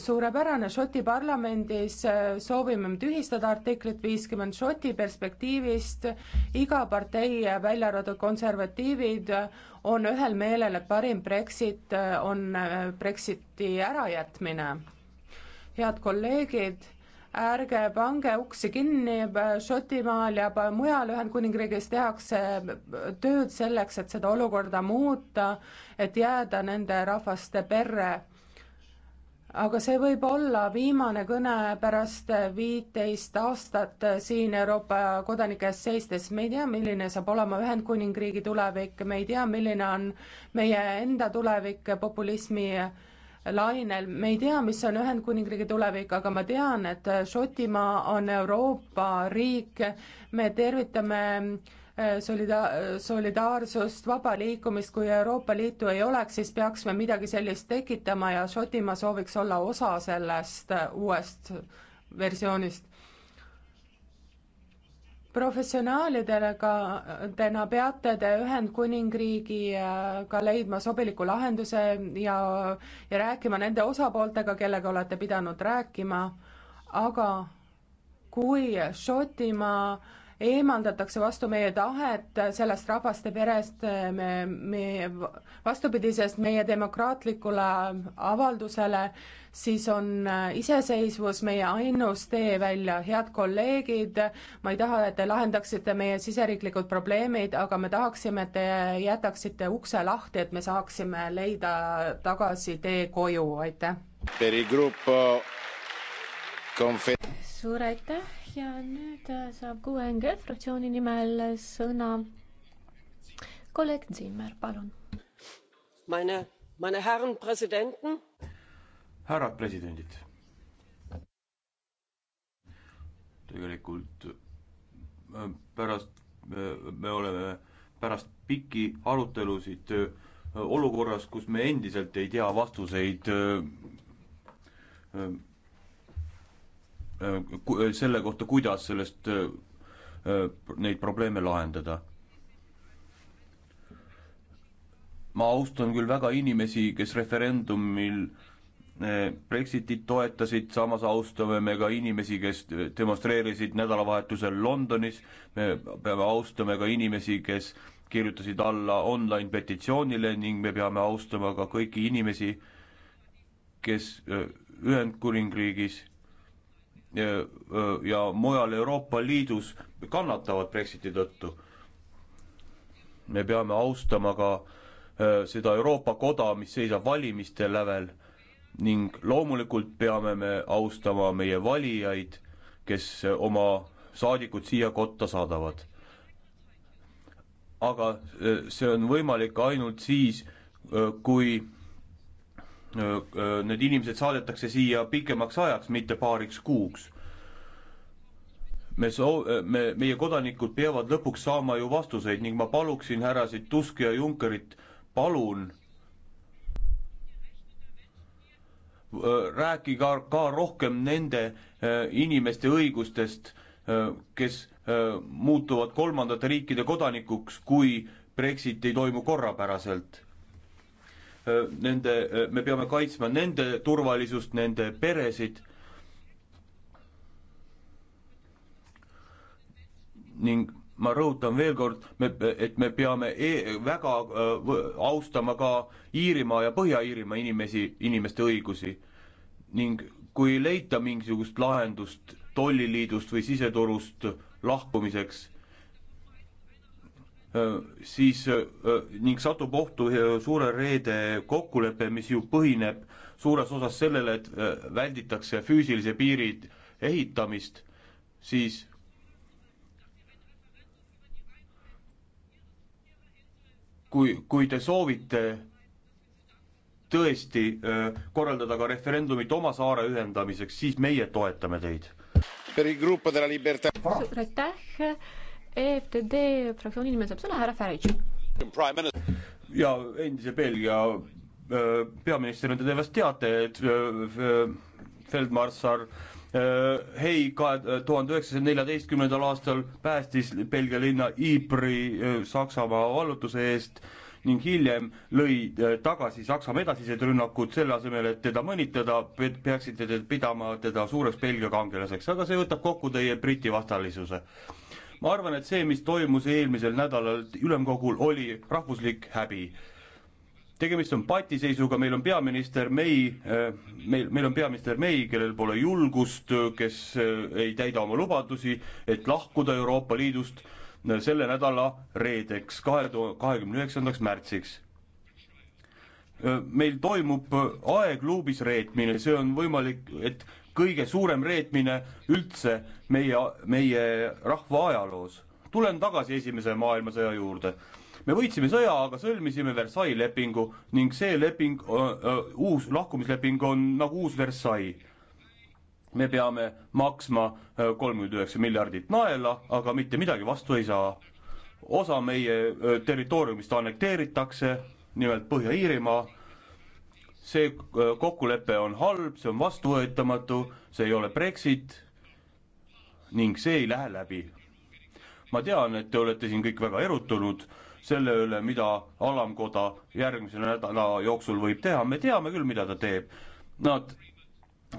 suurepärane, Šoti parlamendis soovime me tühistada artiklit viiskümmend Šoti perspektiivist, iga partei, välja arvatud konservatiivid, on ühel meelel, et parim Brexit on äh, Brexiti ärajätmine. head kolleegid, ärge pange uksi kinni, Šotimaal ja mujal Ühendkuningriigis tehakse tööd selleks, et seda olukorda muuta, et jääda nende rahvaste perre aga see võib olla viimane kõne pärast viiteist aastat siin Euroopa kodanike eest seistes. me ei tea, milline saab olema Ühendkuningriigi tulevik, me ei tea, milline on meie enda tulevik populismi lainel, me ei tea, mis on Ühendkuningriigi tulevik, aga ma tean, et Šotimaa on Euroopa riik, me tervitame solida-, solidaarsust, vaba liikumist, kui Euroopa Liitu ei oleks, siis peaks me midagi sellist tekitama ja Šotimaa sooviks olla osa sellest uuest versioonist professionaalidega täna peate te Ühendkuningriigiga äh, leidma sobiliku lahenduse ja, ja rääkima nende osapooltega, kellega olete pidanud rääkima, aga kui Šotimaa eemaldatakse vastu meie tahet sellest rahvaste perest, me, me vastupidisest meie demokraatlikule avaldusele, siis on äh, iseseisvus meie ainus tee välja. head kolleegid, ma ei taha, et te lahendaksite meie siseriiklikud probleemid, aga me tahaksime, et te jätaksite ukse lahti, et me saaksime leida tagasi tee koju, aitäh. suur aitäh ja nüüd äh, saab QNG fraktsiooni nimel sõna kolleeg Zimmer, palun. Meine, meine Herren Präsidenten. härrad presidendid. tegelikult äh, pärast me, me oleme pärast pikki arutelusid äh, olukorras, kus me endiselt ei tea vastuseid Äh, äh, selle kohta, kuidas sellest, äh, neid probleeme lahendada. ma austan küll väga inimesi, kes referendumil Brexitit toetasid, samas austame me ka inimesi, kes demonstreerisid nädalavahetusel Londonis, me peame austama ka inimesi, kes kirjutasid alla online petitsioonile ning me peame austama ka kõiki inimesi, kes Ühendkuningriigis ja mujal Euroopa Liidus kannatavad Brexiti tõttu. me peame austama ka äh, seda Euroopa koda, mis seisab valimiste lävel ning loomulikult peame me austama meie valijaid, kes äh, oma saadikud siia kotta saadavad. aga äh, see on võimalik ainult siis, kui need inimesed saadetakse siia pikemaks ajaks, mitte paariks kuuks. me soo-, me, meie kodanikud peavad lõpuks saama ju vastuseid ning ma paluksin härrasid Tusk ja Junckerit, palun rääkige ka, ka rohkem nende inimeste õigustest, kes muutuvad kolmandate riikide kodanikuks, kui Brexit ei toimu korrapäraselt Äh, nende, äh, me peame kaitsma nende turvalisust, nende peresid ning ma rõhutan veel kord, me, et me peame e väga äh, austama ka Iirimaa ja Põhja-Iirimaa inimesi, inimeste õigusi. ning kui leida mingisugust lahendust tolliliidust või siseturust lahkumiseks, Äh, siis äh, äh, ning satub ohtu suure reede kokkulepe, mis ju põhineb suures osas sellele, et välditakse füüsilise piiri ehitamist, siis kui, kui te soovite tõesti korraldada ka referendumit oma saare ühendamiseks, siis meie toetame teid. suur aitäh EFTD fraktsiooni nimel saab sõna härra Farage. ja endise Belgia äh, peaministrina te vast teate, et äh, äh, feldmarssal Hei kahe tuhande üheksasaja neljateistkümnendal aastal päästis Belgia linna Ypres'i Saksamaa vallutuse eest ning hiljem lõi tagasi Saksamaa edasised rünnakud, selle asemel, et teda mõnitada, peaksite te pidama teda suureks Belgia kangelaseks, aga see võtab kokku teie Briti vastalisuse ma arvan, et see, mis toimus eelmisel nädalal ülemkogul, oli rahvuslik häbi. tegemist on patiseisuga, meil on peaminister May, äh, meil, meil on peaminister May, kellel pole julgust, kes äh, ei täida oma lubadusi, et lahkuda Euroopa Liidust äh, selle nädala reedeks, kahe tuhande kahekümne üheksandaks märtsiks meil toimub aegluubis reetmine, see on võimalik, et kõige suurem reetmine üldse meie, meie rahva ajaloos. tulen tagasi Esimese maailmasõja juurde. me võitsime sõja, aga sõlmisime Versailles lepingu ning see leping, uus lahkumisleping on nagu uus Versailles. me peame maksma kolmkümmend üheksa miljardit naela, aga mitte midagi vastu ei saa. osa meie territooriumist annekteeritakse, nimelt Põhja-Iirimaa see äh, kokkulepe on halb, see on vastuvõetamatu, see ei ole Brexit ning see ei lähe läbi. ma tean, et te olete siin kõik väga erutunud selle üle, mida alamkoda järgmise nädala jooksul võib teha, me teame küll, mida ta teeb. Nad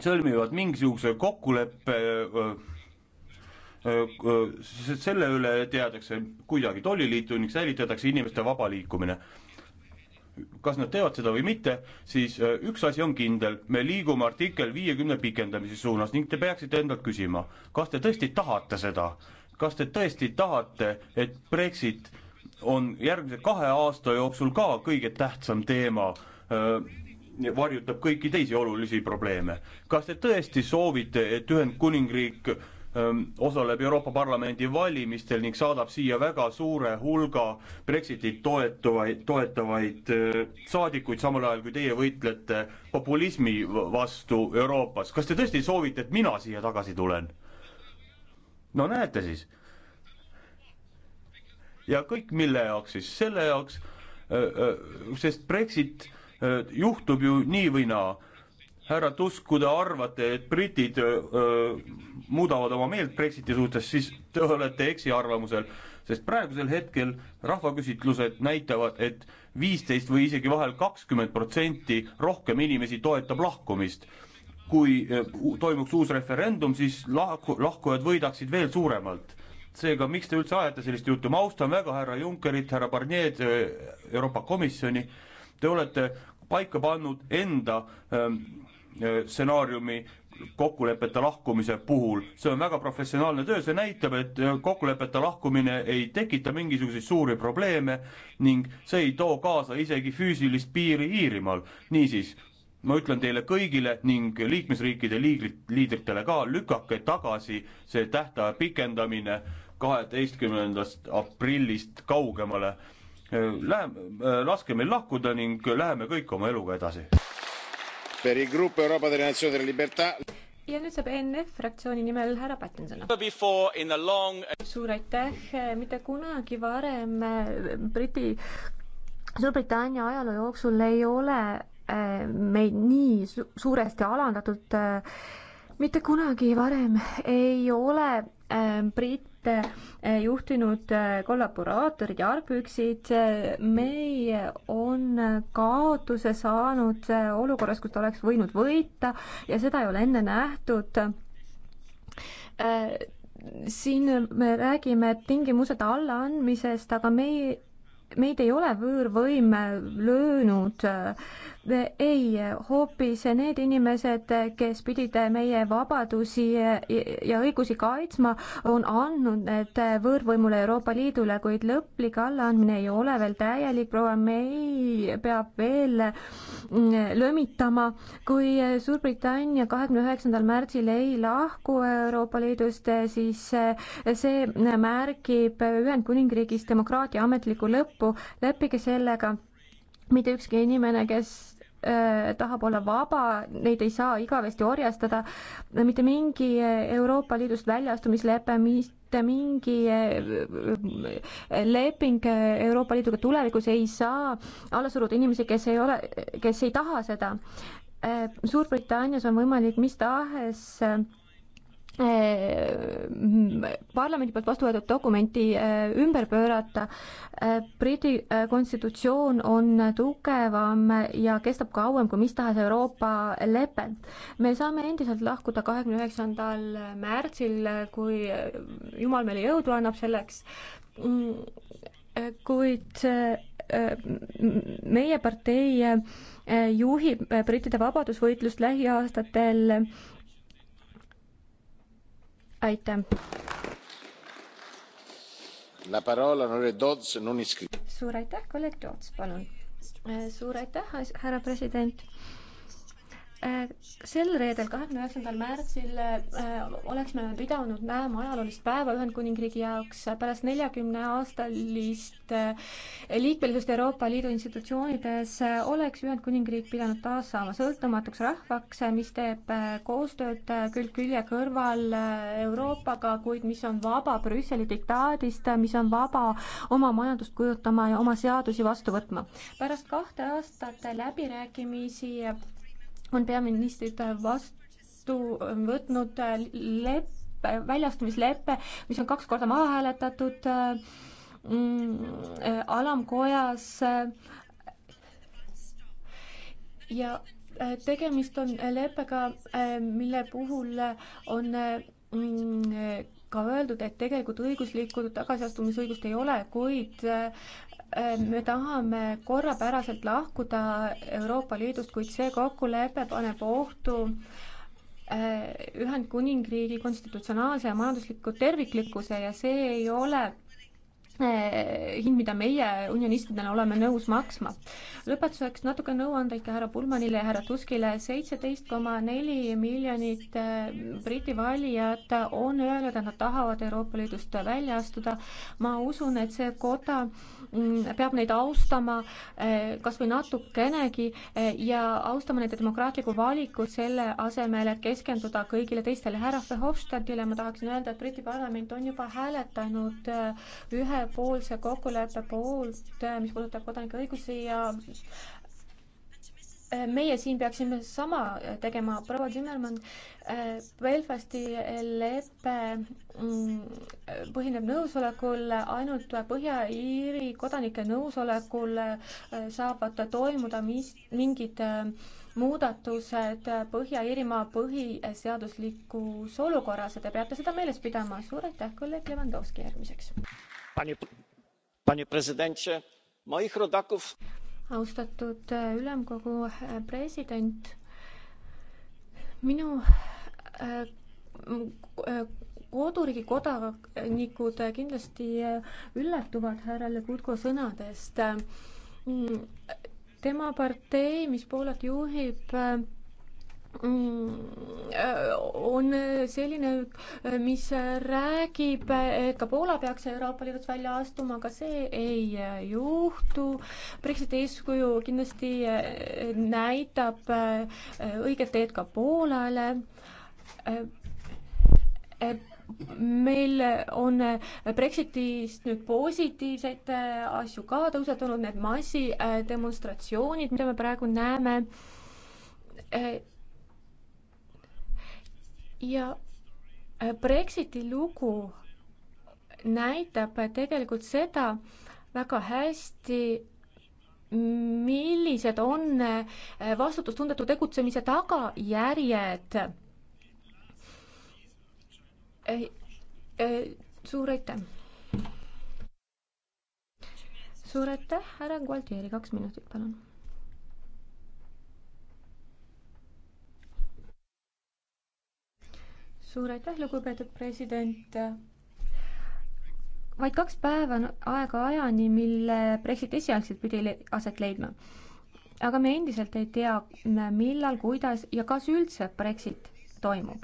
sõlmivad mingisuguse kokkuleppe öö, äh, öö, äh, selle üle teadakse kuidagi tolliliitu ning säilitatakse inimeste vaba liikumine kas nad teevad seda või mitte, siis äh, üks asi on kindel, me liigume artikkel viiekümne pikendamise suunas ning te peaksite endalt küsima, kas te tõesti tahate seda? kas te tõesti tahate, et Brexit on järgmise kahe aasta jooksul ka kõige tähtsam teema, äh, varjutab kõiki teisi olulisi probleeme. kas te tõesti soovite, et Ühendkuningriik osaleb Euroopa Parlamendi valimistel ning saadab siia väga suure hulga Brexitit toetuvaid, toetavaid saadikuid, samal ajal kui teie võitlete populismi vastu Euroopas. kas te tõesti soovite, et mina siia tagasi tulen? no näete siis. ja kõik, mille jaoks siis, selle jaoks, sest Brexit juhtub ju nii või naa härra Tusk, kui te arvate, et britid öö, muudavad oma meelt Brexiti suhtes, siis te olete eksiarvamusel, sest praegusel hetkel rahvaküsitlused näitavad, et viisteist või isegi vahel kakskümmend protsenti rohkem inimesi toetab lahkumist. kui toimuks uus referendum, siis lahku, lahkujad võidaksid veel suuremalt seega miks te üldse ajate sellist juttu, ma austan väga härra Junckerit, härra Barnier'd, Euroopa Komisjoni, te olete paika pannud enda ähm, Äh, stsenaariumi kokkulepete lahkumise puhul, see on väga professionaalne töö, see näitab, et äh, kokkulepete lahkumine ei tekita mingisuguseid suuri probleeme ning see ei too kaasa isegi füüsilist piiri Iirimaal. niisiis, ma ütlen teile kõigile ning liikmesriikide liigrit-, liidritele ka, lükake tagasi see tähtaja pikendamine kaheteistkümnendast aprillist kaugemale. Äh, Lähe-, laske meil lahkuda ning läheme kõik oma eluga edasi per il gruppo Euroopa delle Nazioni delle Libertà. ja nüüd saab ENF fraktsiooni nimel härra Patten sõna. suur aitäh, mitte kunagi varem äh, Briti, Suurbritannia ajaloo jooksul ei ole äh, meid nii su suuresti alandatud. Äh, mitte kunagi varem ei ole Brit olete eh, juhtinud eh, kollaboraatorid ja argpüksid. Eh, meie on kaotuse saanud olukorras, kus ta oleks võinud võita ja seda ei ole enne nähtud siin me räägime tingimused allaandmisest, aga meie meid ei ole võõrvõim löönud äh, ei, hoopis need inimesed, kes pidid meie vabadusi ja õigusi kaitsma, on andnud need võõrvõimule Euroopa Liidule, kuid lõplik allaandmine ei ole veel täielik, proua May peab veel lömitama. kui Suurbritannia kahekümne üheksandal märtsil ei lahku Euroopa Liidust, siis see märgib Ühendkuningriigis demokraatia ametlikku lõppu, leppige sellega mitte ükski inimene, kes Äh, tahab olla vaba, neid ei saa igavesti orjastada, mitte mingi Euroopa Liidust väljaastumislepe, mitte mingi äh, leping Euroopa Liiduga tulevikus ei saa alla suruda inimesi, kes ei ole, kes ei taha seda. Äh, Suurbritannias on võimalik mis tahes Äh, parlamendi poolt vastu võetud dokumenti äh, ümber pöörata. Äh, Briti konstitutsioon on tugevam ja kestab kauem kui mis tahes Euroopa lepe. me saame endiselt lahkuda kahekümne üheksandal märtsil, kui jumal meile jõudu annab selleks, mm, kuid meie partei juhib brittide vabadusvõitlust lähiaastatel aitäh. suur aitäh, kolleeg Toots, palun. suur aitäh, härra president Äh, sel reedel, kahekümne üheksandal märtsil äh, oleksime pidanud näema ajaloolist päeva Ühendkuningriigi jaoks pärast neljakümne aastalist äh, liikmelisust Euroopa Liidu institutsioonides oleks Ühendkuningriik pidanud taas saama sõltumatuks rahvaks, mis teeb koostööd külg külje kõrval Euroopaga, kuid mis on vaba Brüsseli diktaadist, mis on vaba oma majandust kujutama ja oma seadusi vastu võtma. pärast kahte aastat läbirääkimisi on peaministrid vastu võtnud leppe, väljastamisleppe, mis on kaks korda maha hääletatud mm, alamkojas ja äh, tegemist on leppega, äh, mille puhul on mm, ka öeldud, et tegelikult õiguslikku tagasiastumisõigust ei ole, kuid äh, Äh, me tahame korrapäraselt lahkuda Euroopa Liidust, kuid see kokkulepe paneb ohtu äh, Ühendkuningriigi konstitutsionaalse ja majandusliku terviklikkuse ja see ei ole hind, mida meie unionistidena oleme nõus maksma. lõpetuseks natuke nõuandeid ka härra Pulmanile ja härra Tuskile. seitseteist koma neli miljonit äh, Briti valijat on öelnud, et nad tahavad Euroopa Liidust välja astuda. ma usun, et see koda mm, peab neid austama äh, kas või natukenegi äh, ja austama nende demokraatlikku valikut selle asemel, et keskenduda kõigile teistele. härra Verhofstadtile ma tahaksin öelda, et Briti parlament on juba hääletanud ühe kahepoolse kokkuleppe poolt, äh, mis puudutab kodanike õigusi ja äh, meie siin peaksime sama äh, tegema. proua Zimmermann, Belfasti lepe mm, põhineb nõusolekul, ainult Põhja-Iiri kodanike nõusolekul saavad toimuda mis, mingid muudatused Põhja-Iirimaa põhiseaduslikus olukorras ja te peate seda meeles pidama. suur aitäh, kolleeg Levandovski järgmiseks austatud e, ülemkogu e, president minu e, koduriigi kodanikud kindlasti üllatuvad härra legutko sõnadest mm, tema partei mis poolat juhib Mm, on selline, mis räägib, et ka Poola peaks Euroopa Liidust välja astuma, aga see ei juhtu. Brexiti eeskuju kindlasti näitab õiget teed ka Poolale meil on Brexitist nüüd positiivseid asju ka tõusetunud, need massidemonstratsioonid, mida me praegu näeme, ja äh, Brexiti lugu näitab äh, tegelikult seda väga hästi, millised on äh, vastutustundetu tegutsemise tagajärjed. suur aitäh. suur aitäh, härra Gualtieri, kaks minutit, palun suur aitäh, lugupeetud president vaid kaks päeva on aega ajani, mil Brexit esialgselt pidi aset leidma. aga me endiselt ei tea, millal, kuidas ja kas üldse Brexit toimub.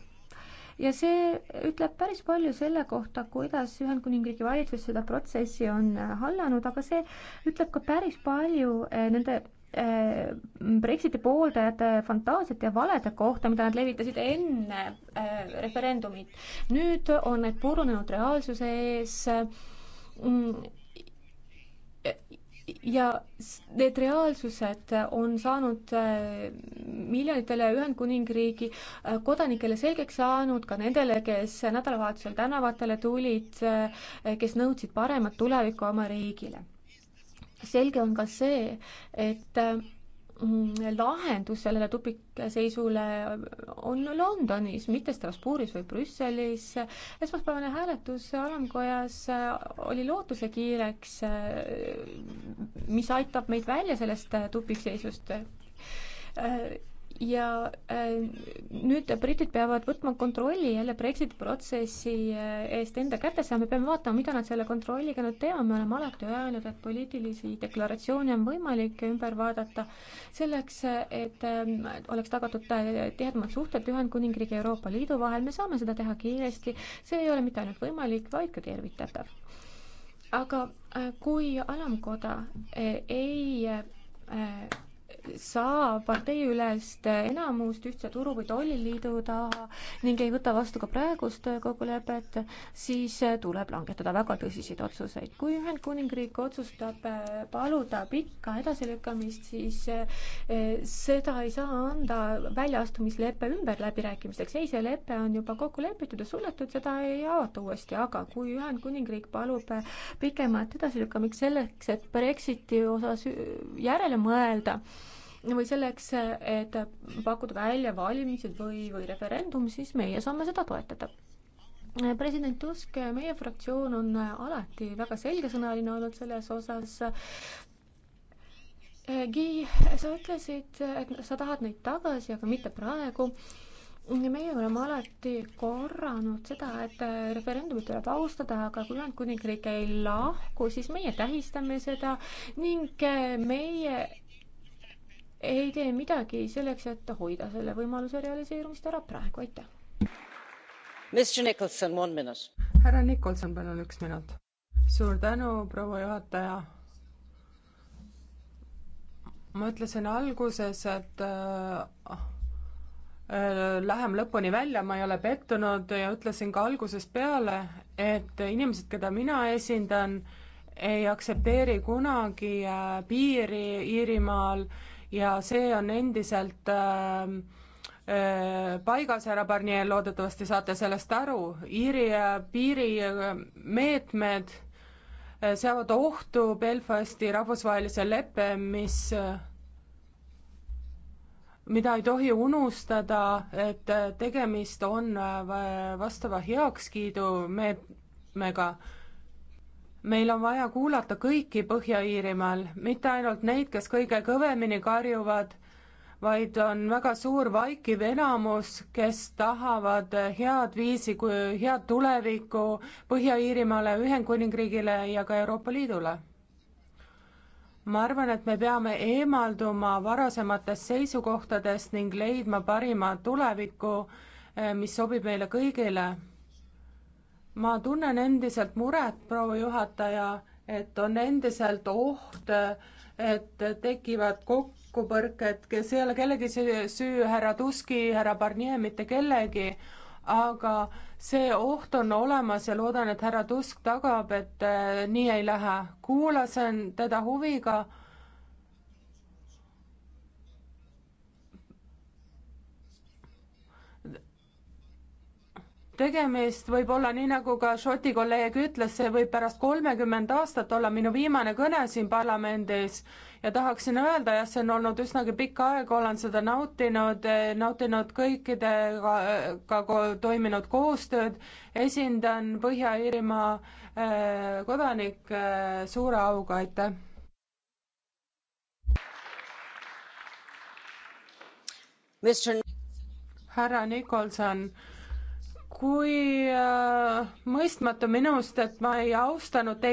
ja see ütleb päris palju selle kohta, kuidas Ühendkuningriigi valitsus seda protsessi on hallanud, aga see ütleb ka päris palju eh, nende Äh, Brexiti pooldajate fantaasiate ja valede kohta, mida nad levitasid enne äh, referendumit. nüüd on need purunenud reaalsuse ees mm, ja need reaalsused on saanud äh, miljonitele Ühendkuningriigi kodanikele selgeks saanud, ka nendele, kes nädalavahetusel tänavatele tulid, kes nõudsid paremat tulevikku oma riigile selge on ka see, et mm, lahendus sellele tupikseisule on Londonis, mitte Strasbourgis või Brüsselis. esmaspäevane hääletus alamkojas oli lootusekiireks, mis aitab meid välja sellest tupikseisust ja äh, nüüd britid peavad võtma kontrolli jälle Brexiti protsessi äh, eest enda kätesse ja me peame vaatama, mida nad selle kontrolliga nüüd teevad, me oleme alati öelnud, et poliitilisi deklaratsioone on võimalik ümber vaadata selleks, et äh, oleks tagatud tihedamad suhted Ühendkuningriigi ja Euroopa Liidu vahel, me saame seda teha kiiresti, see ei ole mitte ainult võimalik, vaid ka tervitatav. aga kui alamkoda ei saa parteiülest enamust ühtse turu või tolliliidu taha ning ei võta vastu ka praegust kokkulepet, siis tuleb langetada väga tõsiseid otsuseid. kui Ühendkuningriik otsustab äh, paluda pikka edasilükkamist, siis äh, seda ei saa anda väljaastumisleppe ümber läbirääkimisteks. ei, see lepe on juba kokku lepitud ja suletud, seda ei avata uuesti, aga kui Ühendkuningriik palub äh, pikemat edasilükkamist selleks, et Brexiti osas järele mõelda, või selleks, et pakkuda välja valimised või, või referendum, siis meie saame seda toetada president Tusk, meie fraktsioon on alati väga selgesõnaline olnud selles osas. Gi, sa ütlesid, et sa tahad neid tagasi, aga mitte praegu. meie oleme alati korranud seda, et referendumit tuleb austada, aga kui Ühendkuningriik ei lahku, siis meie tähistame seda ning meie ei tee midagi selleks, et hoida selle võimaluse realiseerumist ära praegu, aitäh. härra Nicholson, palun üks minut. suur tänu, proua juhataja ma ütlesin alguses, et äh, äh lähen lõpuni välja, ma ei ole pettunud ja ütlesin ka algusest peale, et inimesed, keda mina esindan, ei aktsepteeri kunagi äh, piiri Iirimaal äh, ja see on endiselt äh, äh, paigas, härra Barnier, loodetavasti saate sellest aru, Iiri äh, piirimeetmed äh, seavad ohtu Belfasti rahvusvahelise leppe, mis äh, mida ei tohi unustada, et äh, tegemist on vastava heakskiidu meetmega meil on vaja kuulata kõiki Põhja-Iirimaal, mitte ainult neid, kes kõige kõvemini karjuvad, vaid on väga suur vaikiv enamus, kes tahavad head viisi, head tulevikku Põhja-Iirimaale, Ühendkuningriigile ja ka Euroopa Liidule ma arvan, et me peame eemalduma varasematest seisukohtadest ning leidma parima tuleviku, mis sobib meile kõigile ma tunnen endiselt muret, proua juhataja, et on endiselt oht, et tekivad kokkupõrked, kes ei ole kellegi süü, härra Tuski, härra Barnier, mitte kellegi, aga see oht on olemas ja loodan, et härra Tusk tagab, et äh, nii ei lähe. kuulasin teda huviga tegemist võib olla nii, nagu ka Šoti kolleeg ütles, see võib pärast kolmekümmend aastat olla minu viimane kõne siin parlamendis ja tahaksin öelda, jah, see on olnud üsnagi pikka aega, olen seda nautinud, nautinud kõikidega ka ko toiminud koostööd, esindan Põhja-Iirimaa eh, äh, kodanikke eh, äh, suure auga, aitäh! härra Nicholson kui äh, mõistmatu minust, et ma ei austanud teid